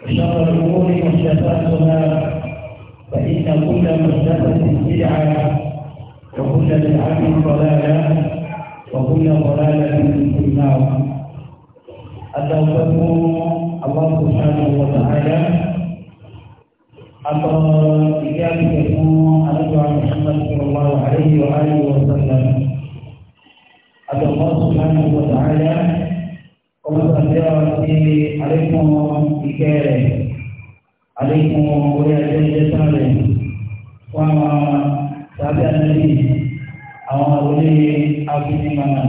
وشر الأمور محدثاتها فإن كل محدثة بدعة وكل بدعة ضلالة وكل ضلالة في النار أتوفكم الله سبحانه وتعالى atau jika bertemu Rasulullah Muhammad Shallallahu Alaihi Wasallam atau Allah Subhanahu Wa Taala olùsọ̀jọ́ ti àlékún ìkẹ́ rẹ̀ àlékún orí ẹgbẹ́ sàn rẹ̀ fún àwọn sábẹ́ àdébí àwọn orí afinimọ̀nà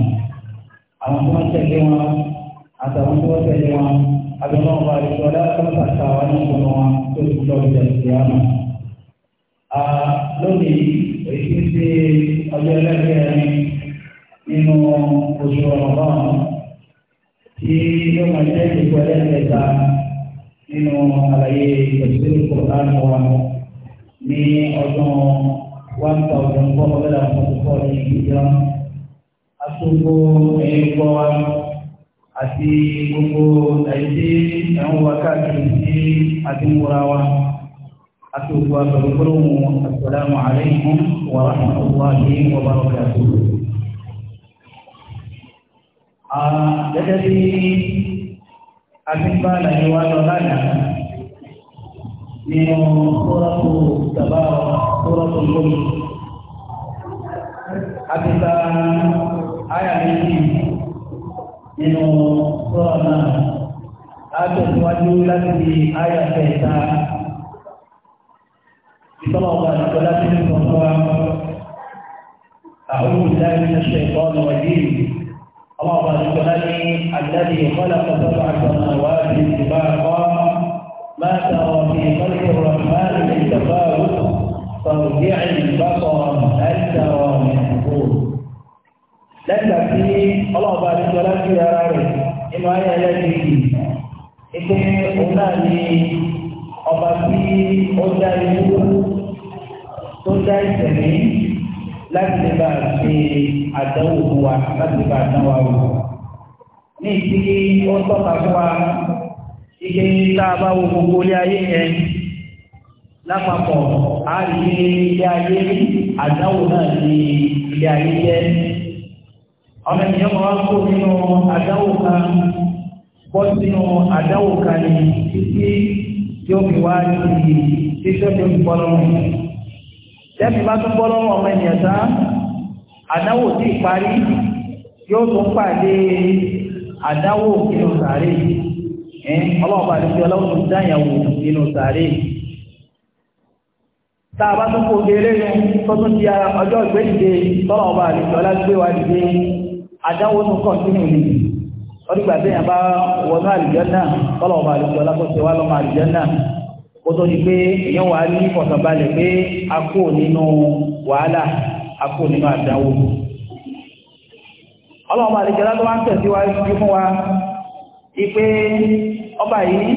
àwọn tó ń tẹ̀lé wọn àtàwọn tó ń tẹ̀lé wọn abẹ́wọ́n ọba ìṣọ́lá kọ́ńtà táwọn ní ìpinnu wọn tó ti lọ́ọ́ jẹ̀ sí àná. lónìí èyí ti ọjọ́ ẹlẹ́gbẹ̀ẹ́ nínú oṣù ọ̀rọ̀ báwọn tí yóò máa jẹ́ ìpínlẹ̀ mẹ́ta nínú àlàyé ìpèsè kòtán wa ní ọdún one thousand four hundred and forty four ní ìgbìyà àtúgbò ẹ̀yìnkọ́ wa àti gbogbo ẹ̀yìnkí ẹ̀hún wa káàkiri sí àdínkùra wa àtúgbò àgbẹ̀gbẹ̀rún asalaamualeykum wa rahmatulahi wa barakatuhu gẹ́gẹ́ bí agbígbá lẹ́yìn wá lọ lánàá nínú kórọ́pù tàbá kórọ́pù lómi agbígbá ayà méjì nínú kórọ́ náà a tẹ̀síwájú láti ayà kẹta ìtọ́lọ̀ ọba àti ọlá tí ó ń sọ̀rọ̀ wa. أعوذ بالله من الشيطان الرجيم اللهم ذكرني الذي خلق سبع سماوات سباقا ما ترى في خلق الرحمن من تفاوت فارجع البصر هل ترى من فوق lẹ́gbà tí ọlọ́ọ̀bá àdúgbò láti ara rẹ̀ nínú ayé ẹlẹ́gbẹ̀ẹ́gbẹ̀ ìpé òun náà ni ọba tí ó dá ikú tó dá ìṣẹ̀lẹ̀ láti lè bá ṣe àdánwò fún wa láti lè bá àdánwò àwọn. ní ìdílé ó tọ́ka fún wa ike tá a bá wo gbogbo ilé ayé yẹn lápapọ̀ a rí ilé ayé àdánwò náà ní ilé ayé jẹ́. ọmọ ènìyàn máa ń kó nínú àdánwò kan bọ́ sínú àdánwò kan ní títí tí ó fi wá sí títí tí ó fi bọ́ lọ́wọ́ yìí tẹ́bí bá tún bọ́lọ́ ọmọ ènìyàn tán àdáwò tí ìparí yóò tún pàdé àdáwò nínú sàárè ẹ ọlọ́ọ̀bá àti ọlọ́wọ́ tó dáyàwó nínú sàárè tá a bá tún kó gẹ́lẹ́ tó tún di ọjọ́ ìgbéǹde tọ́lọ́ọ̀bá àti ọlọ́gbé wa dìde àdáwò tún kọ̀ sínú ni wọ́n dìgbà téèyàn bá wọnú àlùjànnà tọ́lọ́ọ̀bá àti ọlọ́gbé wa lọ́mọ àlùjànnà kó tó pé èèyàn wà ní ìfọ̀kànbalẹ̀ pé a kò nínú wàhálà a kò nínú àdáwò ọlọ́run bá lè jẹ́ látọ́ wá ń tẹ̀síwájú fún wa ipé ọba yìí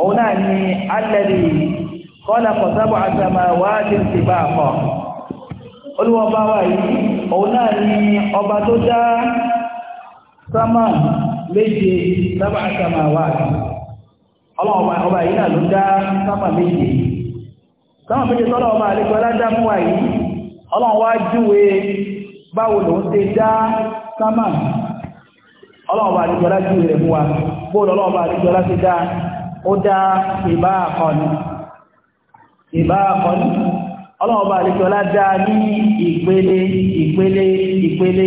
òun náà ni alẹ́lì kọ́lá kọ̀sábọ̀ àtàmà wáàdì ti bá àpọ̀ olúwọba wa yìí òun náà ni ọba tó dá sámà méje sábà àtàmà wáàdì ọlọ́wọ́ ọba yìí náà ló dá sábà méje sábà méje tọ́lọ́ ọba àlejò aládá mú wa yìí ọlọ́wọ́ báwo ló ń dá ọba àlejò alá rẹ̀ mú wa bóòlù ọba àlejò ti ó dá ìbá àkọni ìbá àkọni ọba àlejò ní ìpele ìpele ìpele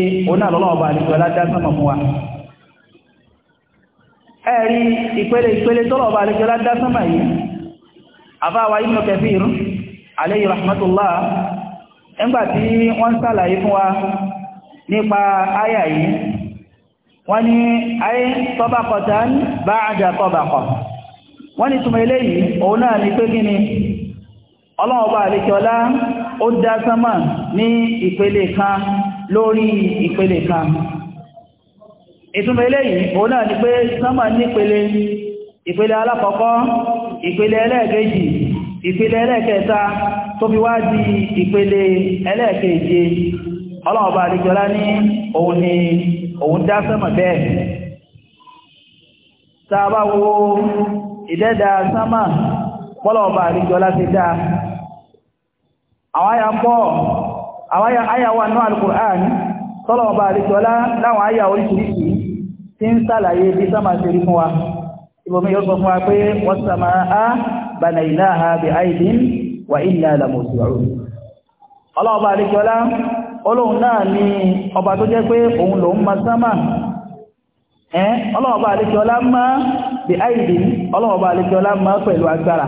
ẹ̀rí ìpele ìpele tọ́lọ̀ ọba alẹ́kẹ́lá dá sánmà yìí àbáwa Ibn Kathir alayhi rahmatullah ẹgbàtí wọ́n sàlàyé fún wa nípa àyà yìí wọ́n ní ayé tabaqatan ba'da tabaqa wọ́n ní túnmọ̀ eléyìí òun náà ní pé gíní ọlọ́ọ̀bá àlekọ́lá ó dá sánmà ìtumọ̀ eléyìí o náà ni pé sánmà ní ìpele ìpele alákọ̀ọ́kọ́ ìpele ẹlẹ́ẹ̀kejì ìpele ẹlẹ́ẹ̀kẹta tó fi wá di ìpele ẹlẹ́ẹ̀keje ọlọ́ọ̀bá àdìjọlá ní òun ni òun dá sánmà bẹ́ẹ̀ tí ń sàlàyé bí sáma ṣe rí fún wa ibòmí yóò sọ fún wa pé wọ́n sàmà á bànà ìlà ha bí àìdín wà ìlà làmùsùlùmí ọlọ́ọ̀bá àríkọlá olóhun náà ni ọba tó jẹ́ pé òun lòun ma sáma ẹ́ ọlọ́ọ̀bá àríkọlá má bí má pẹ̀lú agbára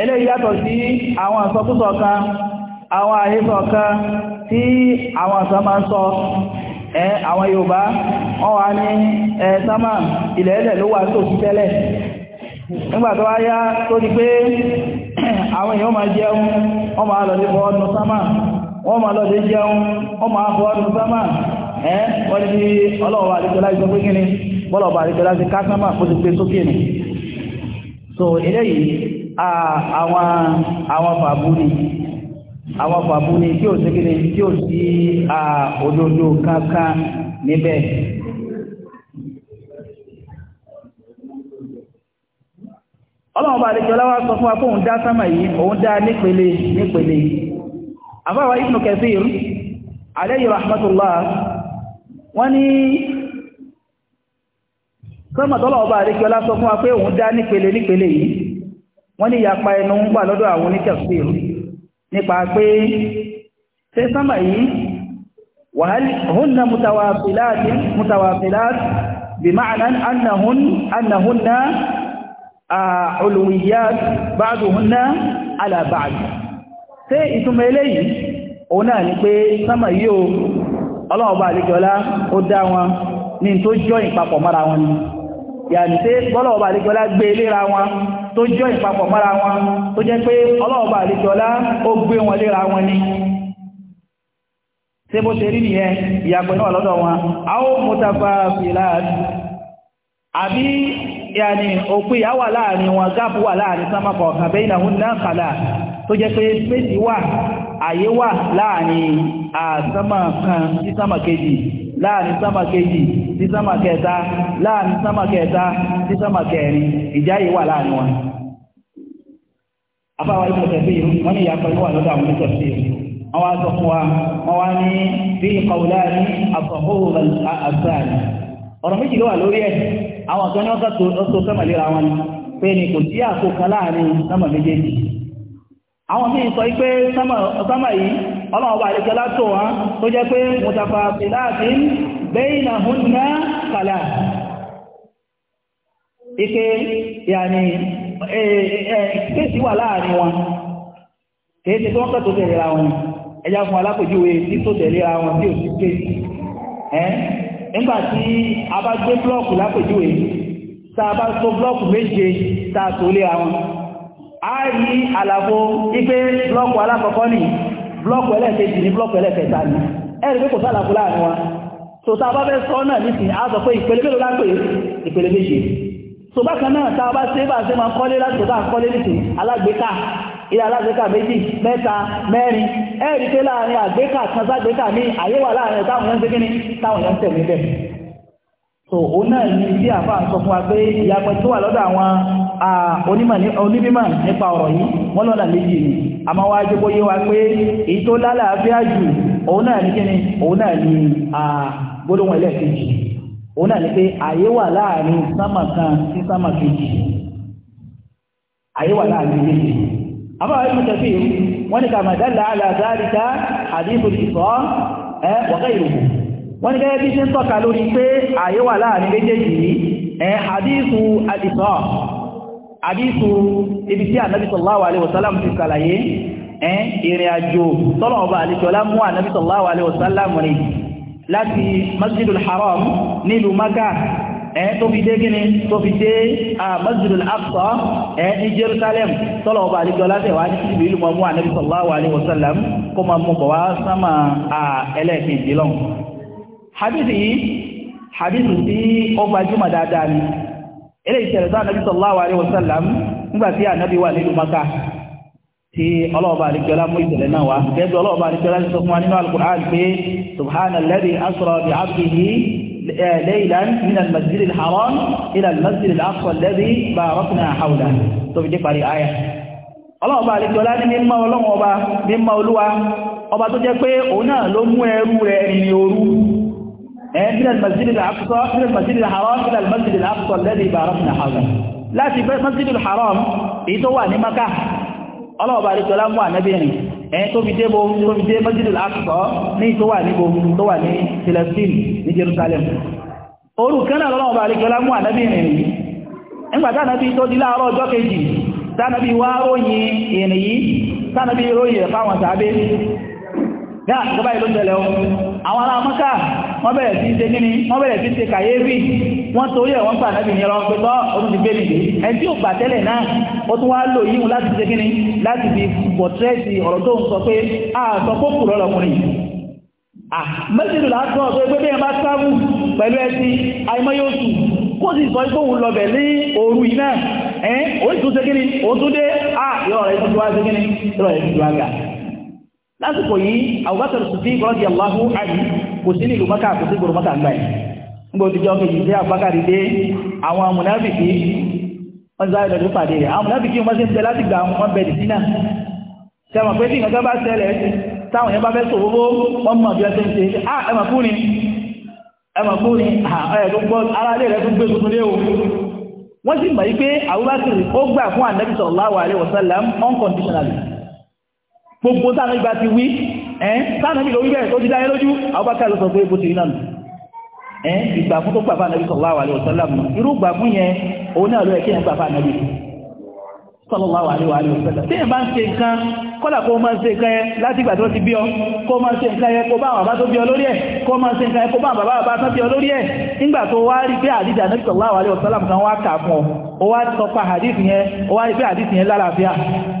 eléyìí yàtọ̀ sí àwọn àsọkúsọ kan àwọn àhesọ kan tí àwọn àsọ máa ń sọ ẹ àwọn Yorùbá wọ́n wà ní ẹ sámà ilẹ̀ ló wà tó tẹ́lẹ̀ wá yá tó di pé àwọn èèyàn máa jẹun wọ́n máa lọ sí fọ́ọ̀nù sámà wọ́n máa lọ sí jẹun wọ́n máa fọ́ọ̀nù sámà ẹ wọ́n ní ọlọ́ọ̀wà àdìgbẹ́lá ìsọpé kíni bọ́lọ̀ọ̀bà àdìgbẹ́lá ti ká sámà ó ti sókè ni so eléyìí àwọn àwọn fàbúni àwọn fàbúni tí ò sí kí ni tí ò sí òdodo kankan níbẹ̀ ọlọ́run bá àdéjọ láwá sọ fún wa kóhun dá sámà yìí òun dá nípele nípele àfáwà Ibn Kathir alayhi rahmatullah wọ́n ní sọ́mọ̀tọ́lọ́wọ́ bá àdéjọ lá sọ fún wa pé òun dá nípele nípele yìí wọ́n ní ìyapa ẹnu ń wà lọ́dọ̀ àwọn oníkẹ̀síìrù nípa pé ṣé sánmà yìí wàhálì hunna mutawafiláàtì mutawafiláàtì bí ma'ana annahun annahunna uluwiyyat ba'duhunna ala ba'd ṣé ìtumọ̀ eléyìí òun náà ni pé sánmà yìí o ọlọ́ọ̀bá àlejọ́lá ó dá wọn ní tó jọ ìpapọ̀ mọ́ra wọn ni yàtí bọ́lọ̀ọ̀bà àríkọlá gbé léra wọn tó jọ ìpapọ̀ mọ́ra wọn tó jẹ́ pé ọlọ́ọ̀bà àríkọlá ó gbé wọn léra wọn ni tí bó ṣe rí nìyẹn ìyàgbẹ̀ náà lọ́dọ̀ wọn a ó mútafà fìlàáàdì àbí yàní òpin yà wà láàrin wọn gáàpù wà láàrin sámàkọ̀ kàbẹ́ ìnáhùn náà kàlà tó jẹ́ pé láàrin sámà kejì sí sámà kẹta láàrin sámà kẹta sí sámà kẹrin ìjà yìí wà láàrin wọn afáwa ìmọ̀ tẹ̀sí wọn ni ìyàpọ̀ ìwà lọ́dọ̀ àwọn onítọ̀sí wọn wá sọ fún wa wọn wá ní bí ìkọ̀wùlá ní àfọ̀hóhù àṣàlì ọ̀rọ̀ méjì ló wà lórí ẹ̀ àwọn kan ní wọ́n tó sẹ́mọ̀lera wọn pé ni kò sí àkókan láàrin sámà méjèèjì àwọn míì sọ pé sámà yìí ọlọ́wọ́ bá àríkẹ́ látọ̀ wá tó jẹ́ pé mùtàfà pìláàtì bẹ́yìnà hún ná kàlà ike yàní kéèsì wà láàrin wọn kéèsì tó ń kẹ́ tó tẹ̀lé ra wọn ẹjá fún alápèjúwe tí tó tẹ̀lé ra wọn tí ò sí kéèsì ẹ́ nígbà tí a bá gbé blọ́ọ̀kù lápèjúwe tá a bá so blọ́ọ̀kù méje tá a tó lé ra wọn a rí àlàfo ipé blọ́ọ̀kù alákọ̀ọ́kọ́ nìyí blọ́ọ̀kù ẹlẹ́ẹ̀kejì ní blọ́ọ̀kù ẹlẹ́ẹ̀kẹta ni ẹ̀rì pé kò sálàkù láàrin wọn so tá a bá fẹ́ sọ náà nísìn a sọ pé ìpele mélòó lápè ìpele méje so bákan náà tá a bá ṣe bá ṣe máa kọ́lé láti tó tá a kọ́lé nísìn alágbèéká ilé alágbèéká méjì mẹ́ta mẹ́rin ẹ̀rì pé láàrin àgbéká kan ságbéká ní àyè wà láàrin táwọn yẹn ń segin ní òun náà ni bí àfa sọ fún àmọ́ wá jẹ́ kó yé wa pé èyí tó lálàáfíà jù òun náà ní kíni òun náà ní gbólóhùn ẹlẹ́ẹ̀kejì òun náà ní pé àyè wà láàrin sámà kan sí sámà kejì àyè wà láàrin méjì àmọ́ àwọn ẹgbẹ́ tẹ̀sí wọ́n ní kàmà dálà àlàzáríta àdísù ibi tí ànábì sallallahu alaihi wasallam ti kàlàyé ẹn ìrìn àjò tọ́lọ̀ ọba àlejòlá mú ànábì sallallahu alaihi wasallam rí láti masjidul haram nílùú maka ẹn tó fi dé gíní tó fi dé masjidul aqsa ẹn ní jerusalem tọ́lọ̀ ọba àlejòlá tẹ̀wá ní síbi ìlú mọ́ ànábì sallallahu alaihi wasallam kó máa mú bọ̀ wá ilé ìṣẹ̀lẹ̀ sáà nàbí sallallahu alaihi wasallam nígbà tí ànábì wà nínú maka tí ọlọ́ọ̀bà àríkẹ́lá mú ìṣẹ̀lẹ̀ náà wá gẹ́gẹ́ ọlọ́ọ̀bà àríkẹ́lá ti sọ fún wa nínú al-Qur'an pé subhanalladhi asra bi 'abdihi ليلا من المسجد الحرام إلى المسجد الأقصى الذي باركنا حوله طب من المسجد الأقصى من المسجد الحرام إلى المسجد الأقصى الذي باركنا حوله لا masjid al-haram èyí tó wà الله maka ọlọ́ọ̀bà àríkọlá mú ànábìnrin ẹni tó fi dé bó tó fi dé masjid al-aqsa ní tó wà níbo tó wà ní Palestine ní Jerusalem orùkánà ọlọ́ọ̀bà àríkọlá mú ànábìnrin nígbàtá ànábí tó di láàárọ̀ ọjọ́ kejì tánàbí wá róyìn ìrìn ní àtìkọ́bá ìlú tẹ̀lẹ̀ o àwọn ará mọ́ká wọ́n bẹ̀rẹ̀ sí ṣe gíní wọ́n bẹ̀rẹ̀ sí ṣe kàyéfì wọ́n torí ẹ̀ wọ́n pàdánù ìyẹrọ pẹ̀tọ́ oṣù ti gbéni ẹni tí ó gbà tẹ́lẹ̀ náà ó tún wá lò yíhun láti ṣe gíní láti fi bọ̀tẹ́ẹ̀sì ọ̀rọ̀ tó ń sọ pé àtọ́kókù rọ́lọ́kùnrin mẹ́sìlú látọ́ tó ẹgbẹ́ bí ẹ bá sáàbù pẹ̀lú ẹsí àìmọ́yóòsù kó sì sọ ipò òun lọ́bẹ̀ ní òru iná ẹ́ orísun ṣe gíní òun tún dé àà yọ́ ọ̀rẹ́ ìtọ́jú wá ṣe gíní yọ́ ọ̀rẹ́ ìtọ́jú wá gà lásìkò yìí Abubakar Siddiq radiyallahu anhu kò sí nílùú Mákà kò sí gbòrò Mákà ń báyìí nígbà òtijọ́ kejì dé àwọn amúnábìkì wọ́n sáré lọ́dún pàdé rẹ̀ àwọn amúnábìkì wọ́n sì ń bẹ láti gba wọn bẹ̀ sínà sẹ́wọ̀n pé tí nǹkan táwọn yẹn bá fẹ́ wọ́n mọ̀ bí ah gbogbo sáàmì ìgbà ti wí ẹ́n sáàmì ló wí bẹ̀rẹ̀ tó ti dáyé lójú àwọ́bákà ló sọ pé bó ti rí náà ẹ́n ìgbà fún tó pàfà nàbí sallallahu alaihi wasallam irú gbà fún yẹn òun náà ló yẹ kí ẹ̀ sallallahu alaihi wasallam tí ẹ̀ bá ń ṣe nǹkan kọ́là kó máa ń ṣe nǹkan yẹn láti ìgbà tó ti bí ọ kó máa ń ṣe nǹkan yẹn kó bá àwọn bàbá tó bí ọ lórí ẹ̀ kó máa ń ṣe nǹkan yẹn kó bá àwọn bàbá bàbá tó bí ọ lórí ẹ̀ nígbà tó wá rí pé àdíjà náà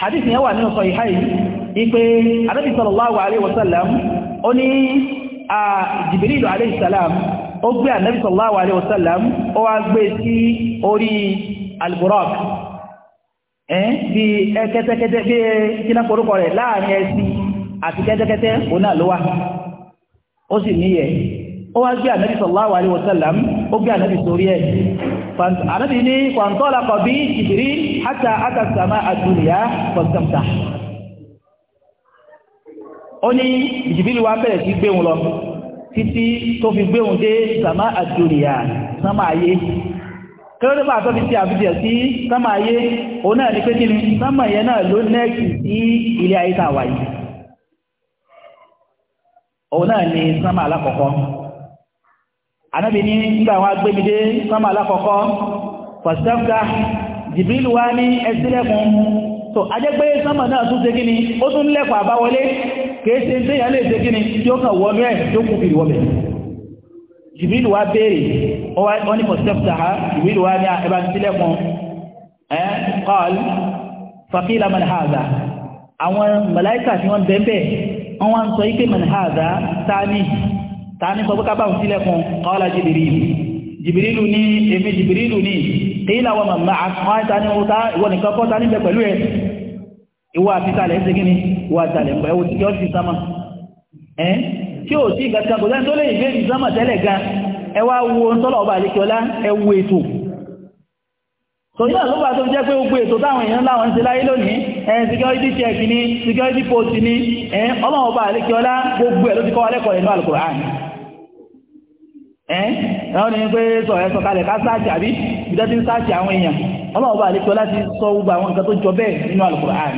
hadith yẹn wà nínú sọ ìhá yìí ipé anábì sallallahu alaihi wasallam ó ní a jìbìrìlù alaihi salam ó gbé anábì sallallahu alaihi wasallam ó wá gbé sí orí alburak ẹ́n bí kẹ́tẹ́kẹ́tẹ́ bí kíná korúkọ rẹ̀ láàrin ẹ̀sìn àti kẹ́tẹ́kẹ́tẹ́ òun náà ló wà ó sì níyẹ̀ ó wá gbé ànábì sallallahu alaihi wasallam ó gbé ànábì sórí ẹ̀ ànábì ní pàǹtọ́lá kọ̀bí ìdírí hátà hátà sàmà àdúnyà pọ̀sẹ̀mtà ó ní ìjìbìlì wa bẹ̀rẹ̀ sí gbé wọn lọ títí tó fi gbé wọn dé sàmà àdúnyà sàmà ayé kẹ́rọ́ nípa àtọ́ fi ti àbújẹ̀ sí sàmà ayé òun náà ní pé kí ni sàmà yẹn náà ló nẹ́ẹ̀kì sí ilé ayé tàwa yìí òun náà ní sàmà alákọ̀ọ́kọ́ anábì ní nígbà wọn agbẹ́mídé sánmà alákọ̀ọ́kọ́ fọ̀sẹ́fẹ́ jìbìlì wá ní so tó ajẹ́ pé sánmà náà tún segí ni ó tún lẹ́kọ̀ọ́ àbáwọlé kéèsè tí ìyá lè segí ni tí ó kàn wọnú ẹ̀ tó kù fìdí wọ́bẹ̀ jìbìlì wá béèrè wọ́n ní fọ̀sẹ́fẹ́ jìbìlì wá ní ẹbá sílẹ̀kùn ẹ́ kọ́ọ̀lù fàkílà manhaza àwọn màláíkà tí tani sọ pé kábàáhùn sílẹ̀kùn kọ́lá jìbìrìlù jìbìrìlù ní èmi jìbìrìlù ní kíílà wọn màmá àwọn tani wọn ta ìwọ nìkan kọ́ tani bẹ pẹ̀lú ẹ ìwọ àti ìsàlẹ̀ ẹsẹ̀ gíní ìwọ àtàlẹ̀ pẹ̀ ẹwọ tí kí ọ́ sì sámà ẹ́ tí ò sí ìgbàkan kò sẹ́ni tó lè ìgbé ìsámà tẹ́lẹ̀ gan ẹ wá wo tọ́lọ̀ ọba àdékọ́lá ẹ wo ètò tò náà ló bá tó jẹ́ pé gbogbo ètò táwọn èèyàn láwọn ṣe láyé lónìí ẹ̀yìn security check ni security post ni ẹ̀yìn ọlọ́wọ́ bá àlékí ọlá gbogbo ẹ̀ ló ti kọ́ alẹ́kọ̀ọ́ ẹ̀nú al ẹ́n ẹ̀họ́ ni pé sọ ẹ̀ sọ̀kalẹ̀ ká sáàtì àbí ìjọ tí ń sáàtì àwọn èèyàn ọlọ́run bá àlékọ́ láti sọ gbogbo àwọn nǹkan tó jọ bẹ́ẹ̀ nínú Al-Qur'an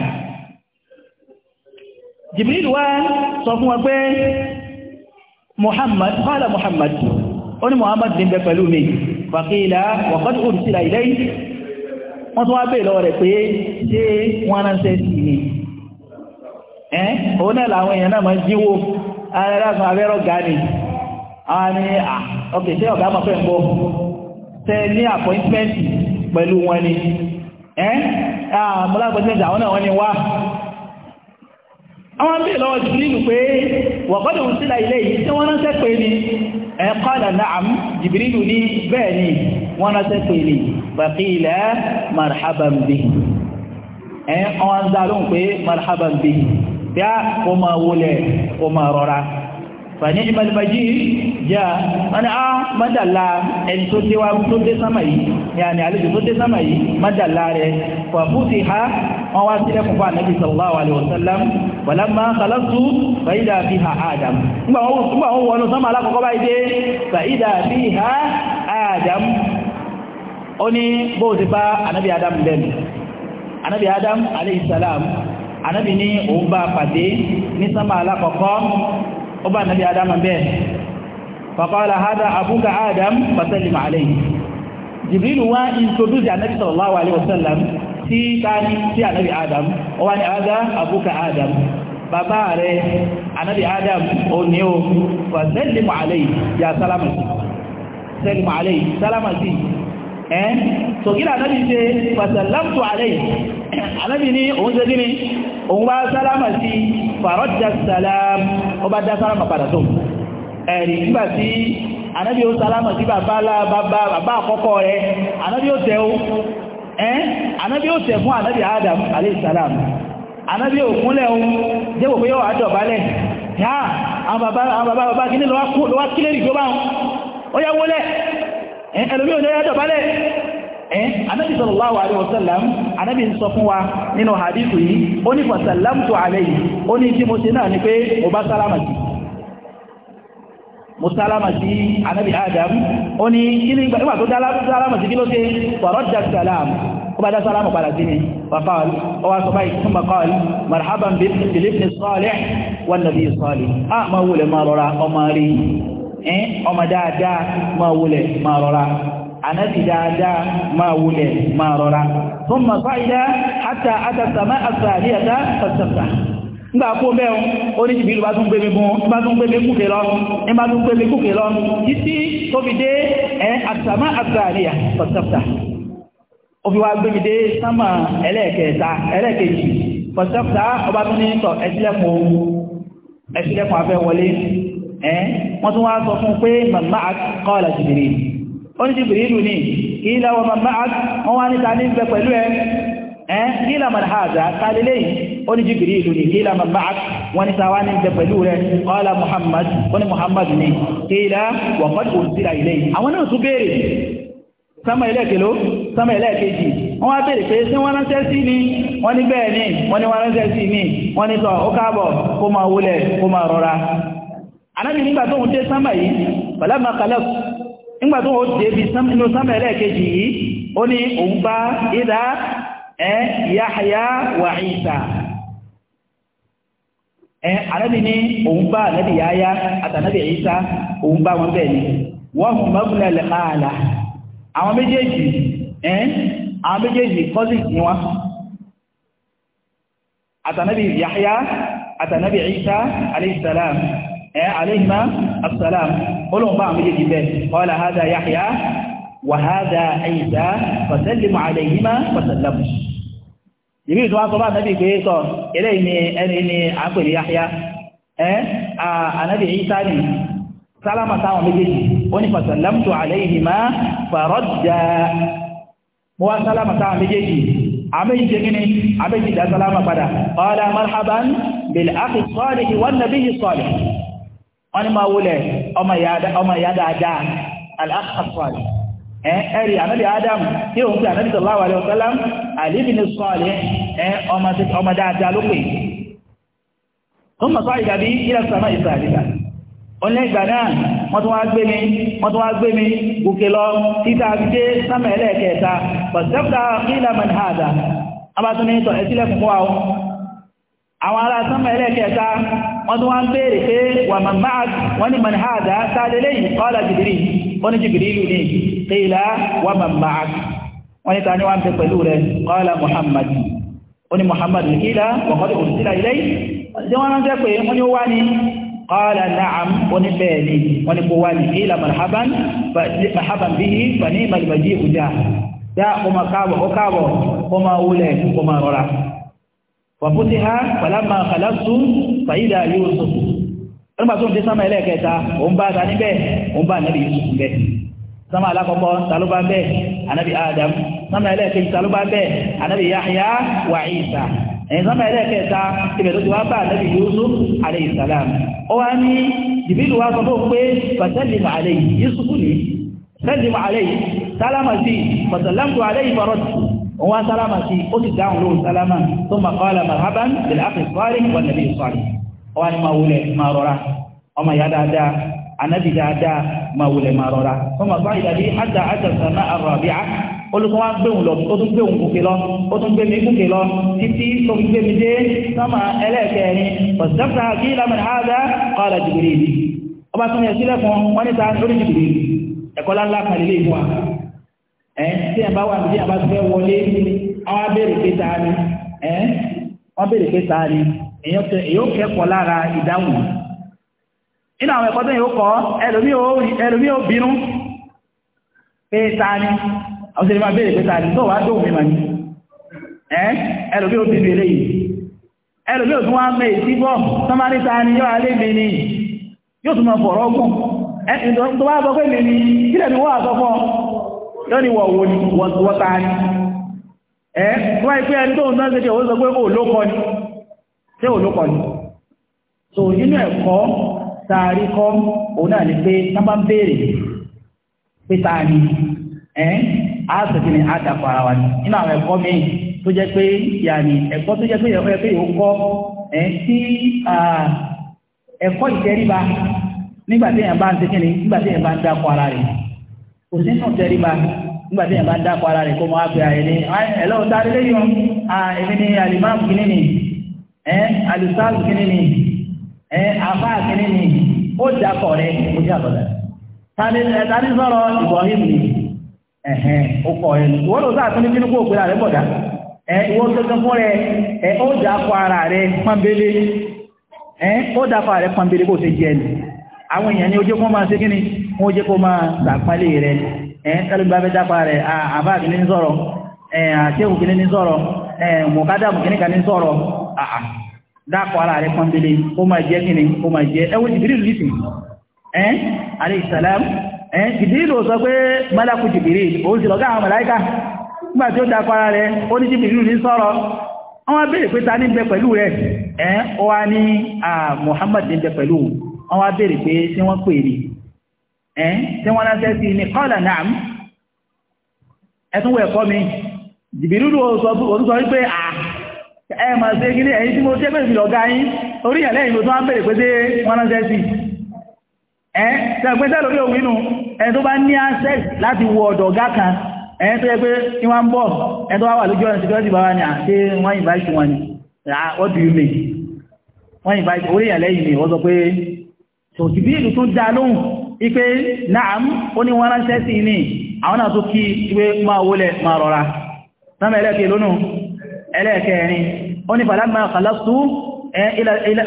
Jibril wá sọ fún wọn pé Muhammad fàdà Muhammad ó ní Muhammad ní bẹ pẹ̀lú mi fàkílà wàkọ́dù òrùsílà ilẹ̀ wọ́n tún wá bèèrè lọ́wọ́ rẹ̀ pé ṣé wọ́n ránṣẹ́ sí ni ẹ́ òun náà làwọn èèyàn náà máa ń jíwó ara rẹ̀ fún abẹ́rọ̀ a ní à ok ṣé ọ̀gá máa fẹ́ ń bọ́ tẹ ní àpọ́ìntmẹ́ntì pẹ̀lú wọn ni ẹ́ àmúlápọ̀tíẹ̀ntì àwọn náà wọ́n ni wá àwọn bí lọ́wọ́ jìbìrìlù pé wọ̀kọ́dù sílá ilé yìí tí wọ́n ránṣẹ́ pé ní ẹ̀kọ́dà náàm jìbìrìlù ní bẹ́ẹ̀ ni wọ́n ránṣẹ́ pé ní bàkílẹ̀ marhaban bi ẹ̀ ọwọ́n dárùn pé marhaban bi bí a kò máa wọlé kò máa rọra fàní ìmọ̀lùmọ̀jì yà wọ́n á mọ́dàlá ẹni tó dé wá tó dé sámà yìí yà ní àlejò tó dé sámà yìí mọ́dàlá rẹ̀ fàfú ti ha wọ́n wá sílẹ̀ fún fún ànábì sallallahu alaihi wasallam wàlá máa kàlọ́sù fàídà fi ha adam nígbà wọn wọnú sámà alákọ̀ọ́kọ́ báyìí dé fàídà fi ha adam ó ní bó bá ànábì adam bẹ́ẹ̀ ànábì adam alaihi salam ànábì ní òun bá pàdé ní sámà alákọ̀ọ́kọ́ ó bá nàbí adam bẹ́ẹ̀ fàkọ́lá hada abúka adam fasallim alayhi jibril wá introduce anabi sallallahu alayhi wa sallam kani káàní sí anabi adam ó wá ní hádá adam bàbá rẹ̀ anabi adam ó ní o fasallim alayhi ya sálámà sí sálámà sí ẹ́n tó gíra anábi ṣe pàtàlámtò àlẹ́ anábi ní òun ṣe gíní òun bá sálámà sí fàrọ́jà sàlám ó bá dá sálámà padà tó ẹ̀rì nígbà tí anábi ó sálámà sí bàbá àkọ́kọ́ rẹ̀ anábi ó adam salam anábi ò kúnlẹ̀ ohun jẹ́wò pé yóò àjọ̀bálẹ̀ yá àwọn bàbá bàbá kílẹ̀ lọ́wọ́ kílẹ̀ rí gbọ́ ẹlòmí ò ní ẹjọ́ balẹ̀ anábì sallallahu alaihi wasallam anábì ń sọ fún wa nínú hadithu yìí ó ní fasallamtu alayhi ó ní tí mo ṣe náà ni pé mo bá sálámà sí mo sálámà sí anábì adam ó ní kí ní ìgbà tó sálámà sí kí ló ṣe faradda salam kuma da salamu bala ẹ́ ọmọ dáadáa máa wulẹ̀ máa rọra anabi dáadáa máa wulẹ̀ máa rọra fún mafáìdá hátà àtàtàmá àtàríyàtà tàtàtà nígbà kó mẹ́un oníṣìbìlú bá tún gbémi bún bá tún gbémi kúkè lọ ní bá tún gbémi kúkè lọ títí tó fi dé ẹ̀ àtàmá àtàríyà tàtàtà ó fi wá gbémi dé sámà ẹlẹ́ẹ̀kẹta ẹlẹ́ẹ̀kejì tàtàtà ọba tún ní tọ̀ ẹ̀sílẹ̀kùn ẹ̀sílẹ̀kùn afẹ́ ẹ́ eh? wọ́n tún wá sọ fún pé màmá àkọọ́lá jìbìrì ó ní jìbìrì ìlú ní kí ilẹ̀ wọn màmá wọn wá níta ní ìgbẹ́ pẹ̀lú ẹ ẹ́ kí ilẹ̀ màmá àjà kálílẹ̀ ó jìbìrì ìlú ní ilẹ̀ màmá wọn níta wá ní ìgbẹ́ pẹ̀lú rẹ kọ́lá Muhammad ó Muhammad ní kí ilẹ̀ wọ́n kọ́ àwọn náà tún béèrè sámà ẹlẹ́kẹ̀ló sámà ẹlẹ́kẹ̀jì wọ́n wá bèèrè pé sí wọ́n anábì nígbà tó ń dé sánmà yìí pẹ̀lá makalẹ́k nígbà tó ń dé bí inú sánmà ẹlẹ́ẹ̀kejì yìí ó ní òun bá ìdá ẹ Yahya wà Isa ẹ anábì ní òun bá anábì Yahya àtànábì Isa òun bá wọn bẹ́ẹ̀ ni wọ́n mú mọ́bùnà lẹ́kàálà àwọn méjèèjì ẹ àwọn méjèèjì kọ́sì ní wọn àtànábì Yahya àtànábì Isa alayhi salam عليهما السلام قلهم بقى مجد بيه قال هذا يحيى وهذا عيسى فسلم عليهما فسلموا ìbí ìtọ́ àtọ́bá ànábì pé sọ eléyìí ni ẹni ni àpèrè Yahya ẹ́ ànábì Isa ni sálámà táwọn méjèèjì ó ní fasallamtu alayhima faradda mo wá sálámà táwọn méjèèjì àméjì jẹ́ gíní àméjì dá sálámà padà qala marhaban bil akhi salih wan nabiy salih wọ́n ní máa wulẹ̀ ọmọ ìyá dáadáa aláàkàtúwàlì ẹ̀rí ànábì adam tí òun pè ànábì sallallahu alaihi wasallam àlébì ní sọ́ọ̀lẹ̀ ọmọ dáadáa ló pè tó mọ̀ sọ́ ìdàbí ilẹ̀ sàmà ìsàlìdà ó ní ìgbà náà wọ́n tún wá gbé mi wọ́n tún wá gbé mi gòkè lọ títà dé sámẹ̀lẹ̀ kẹta pọ̀sẹ́pùtà ìlàmàn hàdà abátúnítọ̀ ẹ̀sílẹ̀ fún wa àwọn ará sánmà ẹlẹ́kẹta wọ́n tún wá ń bèèrè pé wà màmá wọ́n ni manhada sáàlẹ̀ lẹ́yìn kọ́lá jìbìrì ó ní jìbìrì ìlú ní tẹ́ìlá wà màmá wọ́n ni ta ní wọ́n ń bẹ pẹ̀lú rẹ̀ kọ́lá muhammad ó ní muhammad nìkílá wọ̀kọ́lẹ̀ òṣìṣẹ́lá ilẹ̀ tí wọ́n ránṣẹ́ pé wọ́n ni ó wá ní kọ́lá وفتح فلما خلصت فإذا يوسف nígbà tó ń dé sánmà ẹlẹ́ẹ̀kẹta òun bá ta níbẹ̀ òun bá ànábì yusuf bẹ̀ sánmà alákọ̀ọ́kọ́ ta ló bá bẹ̀ adam sánmà ẹlẹ́ẹ̀kẹta ta ló bá bẹ̀ yahya wa isa ẹ̀yìn sánmà ẹlẹ́ẹ̀kẹta ibẹ̀ tó ti wá bá ànábì yusuf alayhi salam ó wá ní jìbìlù wa sọ fún pé fàtẹ́lì màálẹ̀ yusuf ni fàtẹ́lì màálẹ̀ sálámà sí fàtẹ́lì màálẹ̀ yìí òun wá sálámà sí ó sì dáhùn lóhùn sálámà tó mà kọ́lá marhaban bil akhi salih wà nàbí salih ọwá ni máa wulẹ̀ máa rọra ọmọ ìyá dáadáa anábì dáadáa máa wulẹ̀ máa rọra tó mà sọ ìdàbí àtà àtà sàmà àrọ̀bíà olùkọ́ wa gbé òun lọ ó tún gbé òun gòkè lọ ó tún gbé mi gòkè lọ títí tó ń gbé mi dé sámà ẹlẹ́ẹ̀kẹrin pàṣẹ́pà kí lámàrin àádá kọ́lá jìbìrì ọba tún yẹ sílẹ̀ fún wọn níta lórí jìbìrì ẹ̀kọ́ láńlá kan lè ẹ tí wà ní a fẹ́ wọlé àwọn pé ni ẹ wọ́n béèrè pé ni èyàn lára ìdáhùn nínú àwọn ẹ̀kọ́ tó yóò kọ́ ẹlòmí ò bínú pé ni àwọn máa pé ni tó wàá dóhùn ni ẹlòmí bínú ẹlòmí tún wá mẹ́ ta ni yóò alé mi ni yóò tún mọ̀ fọ̀rọ̀ ọgbọ̀n ẹ̀ pé yọ́ ni wọ̀wọ̀ ni wọ́ta ni ẹ́ wá ìpé ẹni tó ń tán ṣe wọ́n sọ pé olókọ ni ṣé olókọ ni so nínú ẹ̀kọ́ tààrí kọ́ òun náà ni pé sábà ń béèrè pé tàà ni ẹ́ àásìkí ni àdàpọ̀ ara wa ni nínú àwọn ẹ̀kọ́ míì tó jẹ́ pé yàní ẹ̀kọ́ tó jẹ́ pé ẹ̀kọ́ yẹ pé yóò kọ́ ẹ̀ sí ẹ̀kọ́ nígbàtí èèyàn bá ń ṣe kíni nígbàtí èèyàn bá ń dákọ̀ ara rẹ̀ kò sí nù tẹríba nígbà tí ń ara rẹ̀ kó mọ́ àpè àyè ní ẹ̀lọ́ sáré léyìn èmi ni alimam kìíní ni alusalu kìíní ni afa kìíní ni ó dákọ̀ rẹ̀ kò sí àtọ̀dá tani sọ̀rọ̀ Ibrahim ni ó kọ̀ ẹ̀ wọ́n lọ kó àrẹ ìwọ tuntun fún rẹ̀ ó ara rẹ̀ ó ara rẹ̀ ṣe jẹ́ àwọn èèyàn ni ó jẹ́ kó máa ṣe kíni wọ́n jẹ́ kó máa sàpálé rẹ̀ ẹ̀ kálùgbà bẹ́ dápa rẹ̀ àbá kìíní sọ̀rọ̀ ẹ̀ àṣẹ́wò kìíní sọ̀rọ̀ ẹ̀ mọ̀kádàmù kìíní kan ní sọ̀rọ̀ àà dápọ̀ ara rẹ̀ pọ́nbélé ó máa jẹ́ kíni ó máa jẹ́ ẹwọ́n jìbìrìlù lìsìn ẹ̀ alayhi salam ẹ̀ jìbìrìlù sọ pé málàkù jìbìrìl òun sì lọ́gá àwọn màláíkà nígbà tí ó dápọ̀ ara rẹ̀ ó ní jìbìrìlù ní sọ̀rọ̀ wọ́n bèèrè pé ta ní bẹ pẹ̀lú rẹ̀ ẹ̀ ó wá Muhammad ní bẹ pẹ̀lú wọ́n wá pé tí wọ́n pè ní ẹ́ tí wọ́n ránṣẹ́ sí ní kọ́là náà ẹ̀tún wọ ẹ̀kọ́ mi jìbìrúdù orúkọ wípé à ẹ mà ṣe kí ní ẹ̀yìn tí mo jẹ́ pẹ̀lú ọ̀gá yín orí ìyàlẹ́ ìlú tó wá béèrè pé tí wọ́n ránṣẹ́ sí ẹ́ tẹ̀gbẹ́sẹ̀ lórí òwínú ẹ̀ tó bá ní access láti wọ ọ̀dọ̀ ọ̀gá kan ẹ̀yìn tó yẹ pé kí wọ́n ń bọ̀ ẹ̀ tó wá wà lójú ọ̀nà security bàbá ni àti wọ́n invite wọn ni what do you mean wọ́n invite orí ìyàlẹ́ yìí ni wọ́n sọ pé so jìbìrìlù tó dá lóhùn ipé naam ó ní wọ́n ránṣẹ́ sí ní àwọn náà tó kí ìwé máa wólẹ̀ máa rọra náà ẹlẹ́ẹ̀kẹ́ lónù ẹlẹ́ẹ̀kẹ́rin ó ní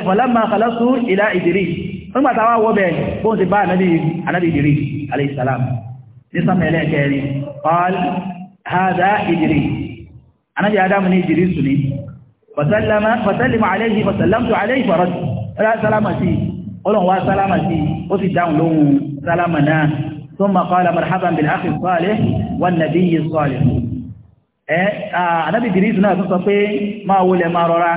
falamma kalastu ila ìdìrí nígbàtà wá wọ́bẹ̀ bóhùn ti bá anábì ìdìrí aleyhisselam ní sáàmà ẹlẹ́ẹ̀kẹ́rin qal hadha ìdìrí anábì adamu ní ìdìrí sùn ní fasallama alayhi fasallamtu alayhi farad rá sálámà sí ọlọ́run wá sálámà sí ó sì dáhùn lóhùn sálámà náà tó ma qala marhaban bil akhi salih wan nabiy salih ẹ́ ànábì Ìdírísù náà tó sọ pé máa wulẹ̀ máa rọra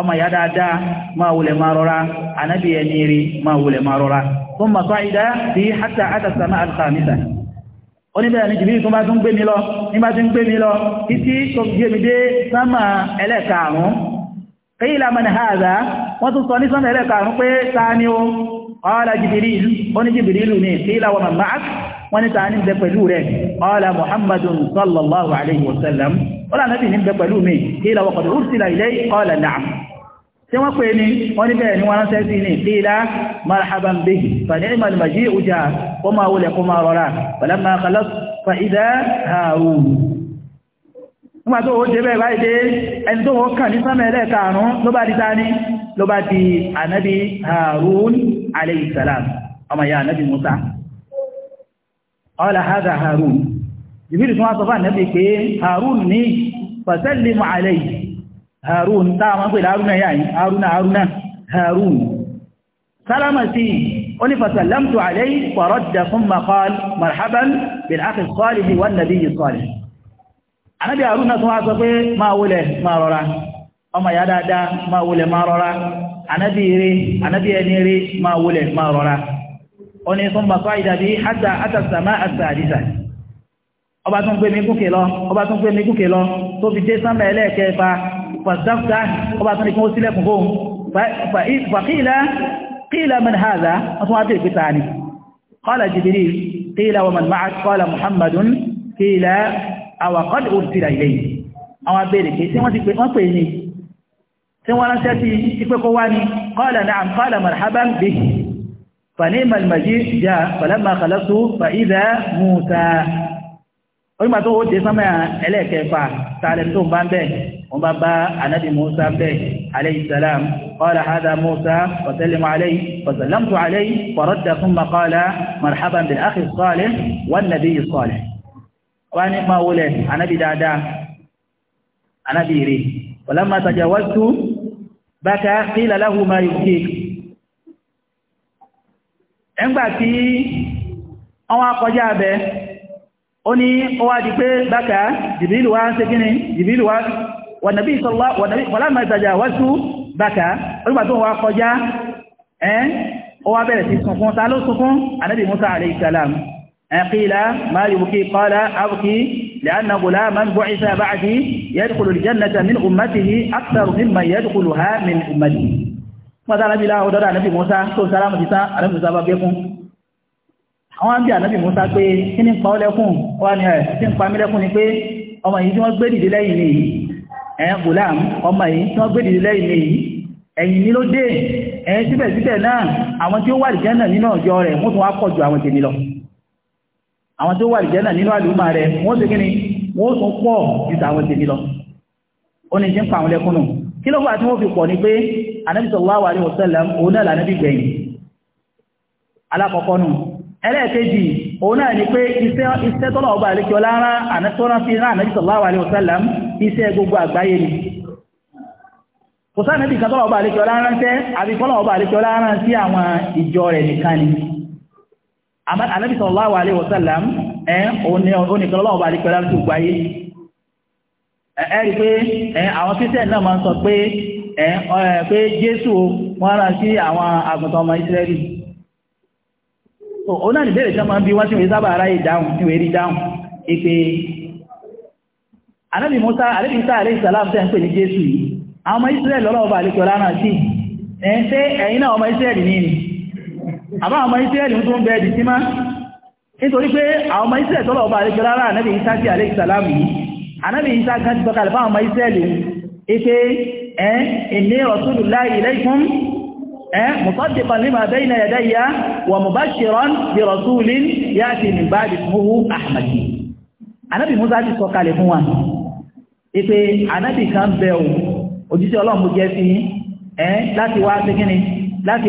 ọmọ ìyá dáadáa máa wulẹ̀ máa rọra ànábì ẹni rí máa wulẹ̀ máa rọra tó ma qa'ida sí hatta ata sama al-khamisa oníbẹ̀rẹ̀ ni jìbìrì tó bá tún gbé mi lọ ní bá tún gbé mi lọ títí tó gbé mi dé sámà ẹlẹ́karùn-ún qila man hadha wọ́n tún sọ ní sọ́nà ẹlẹ́kàrún pé ta ni ó ọ́lá jìbìrìlù ó ní jìbìrìlù ní ìfìlà wọn ma'ak wọ́n ní ta ní bẹ pẹ̀lú rẹ̀ ọ́lá muhammadun sallallahu alaihi wasallam ọ́lá nábi ní bẹ pẹ̀lú nígbà tó ó dé bẹ́ẹ̀ báyìí dé ẹni tó wọ́n kàn ní sánmà ẹlẹ́ẹ̀karùn ló bá di ta ló bá di ànábì Harun alayhi salam ọmọ ya ànábì Musa ọlá haza Harun jìbìrì tún wá sọ fún ànábì pé Harun ní fasallimu alayhi Harun táà máa ń pè lárúnà yà ní Haruna Haruna Harun sálámà sí ó ní fasallamtu alayhi wa radda thumma qala marhaban bil akhi as-salih wan nabiy as-salih ànábì Harun náà tún wá sọ pé máa wọlẹ̀ máa rọra ọmọ ìyá dáadáa máa wulẹ̀ máa rọra ànábì eré ànábì ẹni eré máa wulẹ̀ máa rọra ó ní fún bàtọ́ ìdàbí hátà àtàsàmá àtàdìsà ọba tún gbé mi gúnkè lọ ọba tún gbé mi gúnkè lọ tó fi dé sánmà ẹlẹ́ẹ̀kẹfà pàṣẹ́fà ọba tún ní kí wọ́n sílẹ̀kùn fóun fàkílà kílà mẹ́rin hàzà wọ́n tún wá bèèrè pẹ́ta ni kọ́lá jìbìrì kílà wọ́n mẹ́rin máa kọ́lá muhammadun kílà àwàkọ́dù òrùsílà ilẹ̀ yìí àwọn abẹ́rẹ̀ pé tí wọ́n ti pè ní tí wọ́n ránṣẹ́ sí ipé kó wá ní qala na'am qala marhaban bihi fanima al-maji' jaa falamma khalaqtu fa idha Musa onígbà tó wọ́n dé sánmà ẹlẹ́ẹ̀kẹfà tààlẹ̀ tó bá ń bẹ̀ wọ́n bá bá anábì Musa bẹ̀ alayhi salam qala hadha Musa wa sallim alayhi wa sallamtu alayhi wa radda thumma qala marhaban bil akhi as-salih wan nabiy as-salih wọ́n ní máa wọlé anábì dáadáa anábì rí falamma tajawaztu bàtà qila lahu ma yubkik ẹgbà tí wọ́n kọjá abẹ́ ó ní ó wá di pé bàtà jìbìlù wá ń ṣe kíni jìbìlù wá wà nàbí ìsọ́lá wàlámà ìtajà wá sú bàtà onígbà tó wá kọjá ẹ́ ó wá bẹ̀rẹ̀ sí sunkún ta ló sunkún anábì Musa alayhi salam qila ma yubkik qala abki لأن غلاما بعث بعدي يدخل الجنة من أمته أكثر مما يدخلها من أمتي ماذا anábì láwọn ọ̀dọ́dọ̀ anábì Musa tó sálámù títà anábì على bá gbékún àwọn àbí anábì Musa pé kí ní pa ọlẹ́kùn wà ní ẹ̀ tí ń pa mílẹ́kùn ni pé ọmọ yìí tí wọ́n gbé dìde lẹ́yìn ni ẹ̀ gùlám ọmọ yìí tí wọ́n gbé dìde lẹ́yìn ni ẹ̀yìn ni ló dé ẹ̀ síbẹ̀síbẹ̀ náà àwọn tí ó wà àwọn tó wà ìjẹ́nà nínú àdúgbà rẹ̀ wọ́n ṣe kí ni wọ́n tún pọ̀ ìtàwọn tèmi lọ ó ní ṣe ń pa àwọn lẹ́kúnnù kí ló wà tí wọ́n fi pọ̀ ní pé Ànábì sallallahu alaihi wasallam òun náà lànàbí gbẹ̀yìn alákọ̀ọ́kọ́ nù ẹlẹ́ẹ̀kejì òun náà ni pé iṣẹ́ tọ́nà ọba àlékẹ́ ọlára ànátọ́nà fi rán Ànábì sallallahu alaihi wasallam iṣẹ́ gbogbo àgbáyé ni kò sáà nẹ́bì kan tọ́nà ọba àlékẹ́ ọlára ń tẹ́ àbí fọ́nà ọba àlékẹ́ ọlára ń sí àwọn ìjọ Ànábì sallallahu alaihi wasallam ẹ̀ oníkan ọlọ́wọ́ bá alẹ́kọ̀ọ́lá tó gbáyé ẹ̀ rí pé àwọn christian náà máa ń sọ pé pé Jésù wọ́n rán sí àwọn àgùntàn ọmọ Ísírẹ́lì ó náà níbẹ̀rẹ̀ tí wọ́n máa ń bí wọ́n sì wọ́n sábà ráyè dáhùn tí wọ́n rí dáhùn ìpè Ànábì Mùsá Ànábì Ìsá alayhi salam tẹ́ ń pè ní Jésù yìí àwọn ọmọ Ísírẹ́lì ọlọ́wọ́ bá alẹ́kọ̀ọ́lá náà sí ẹ̀ ń ṣe ẹ̀yin náà ọmọ Ísírẹ́lì ní àbá ọmọ israẹli tó ń bẹ ẹ̀dì sí má nítorí pé àwọn ọmọ israẹli tọ́lọ̀ ọba àríkẹ́ rárá anábì isa sí aleyhisalamu yìí anábì isa kan ti tọ́ka àlùfáà ọmọ israẹli ike ẹ inni rasulullahi ilaykum láti wá sí kíni láti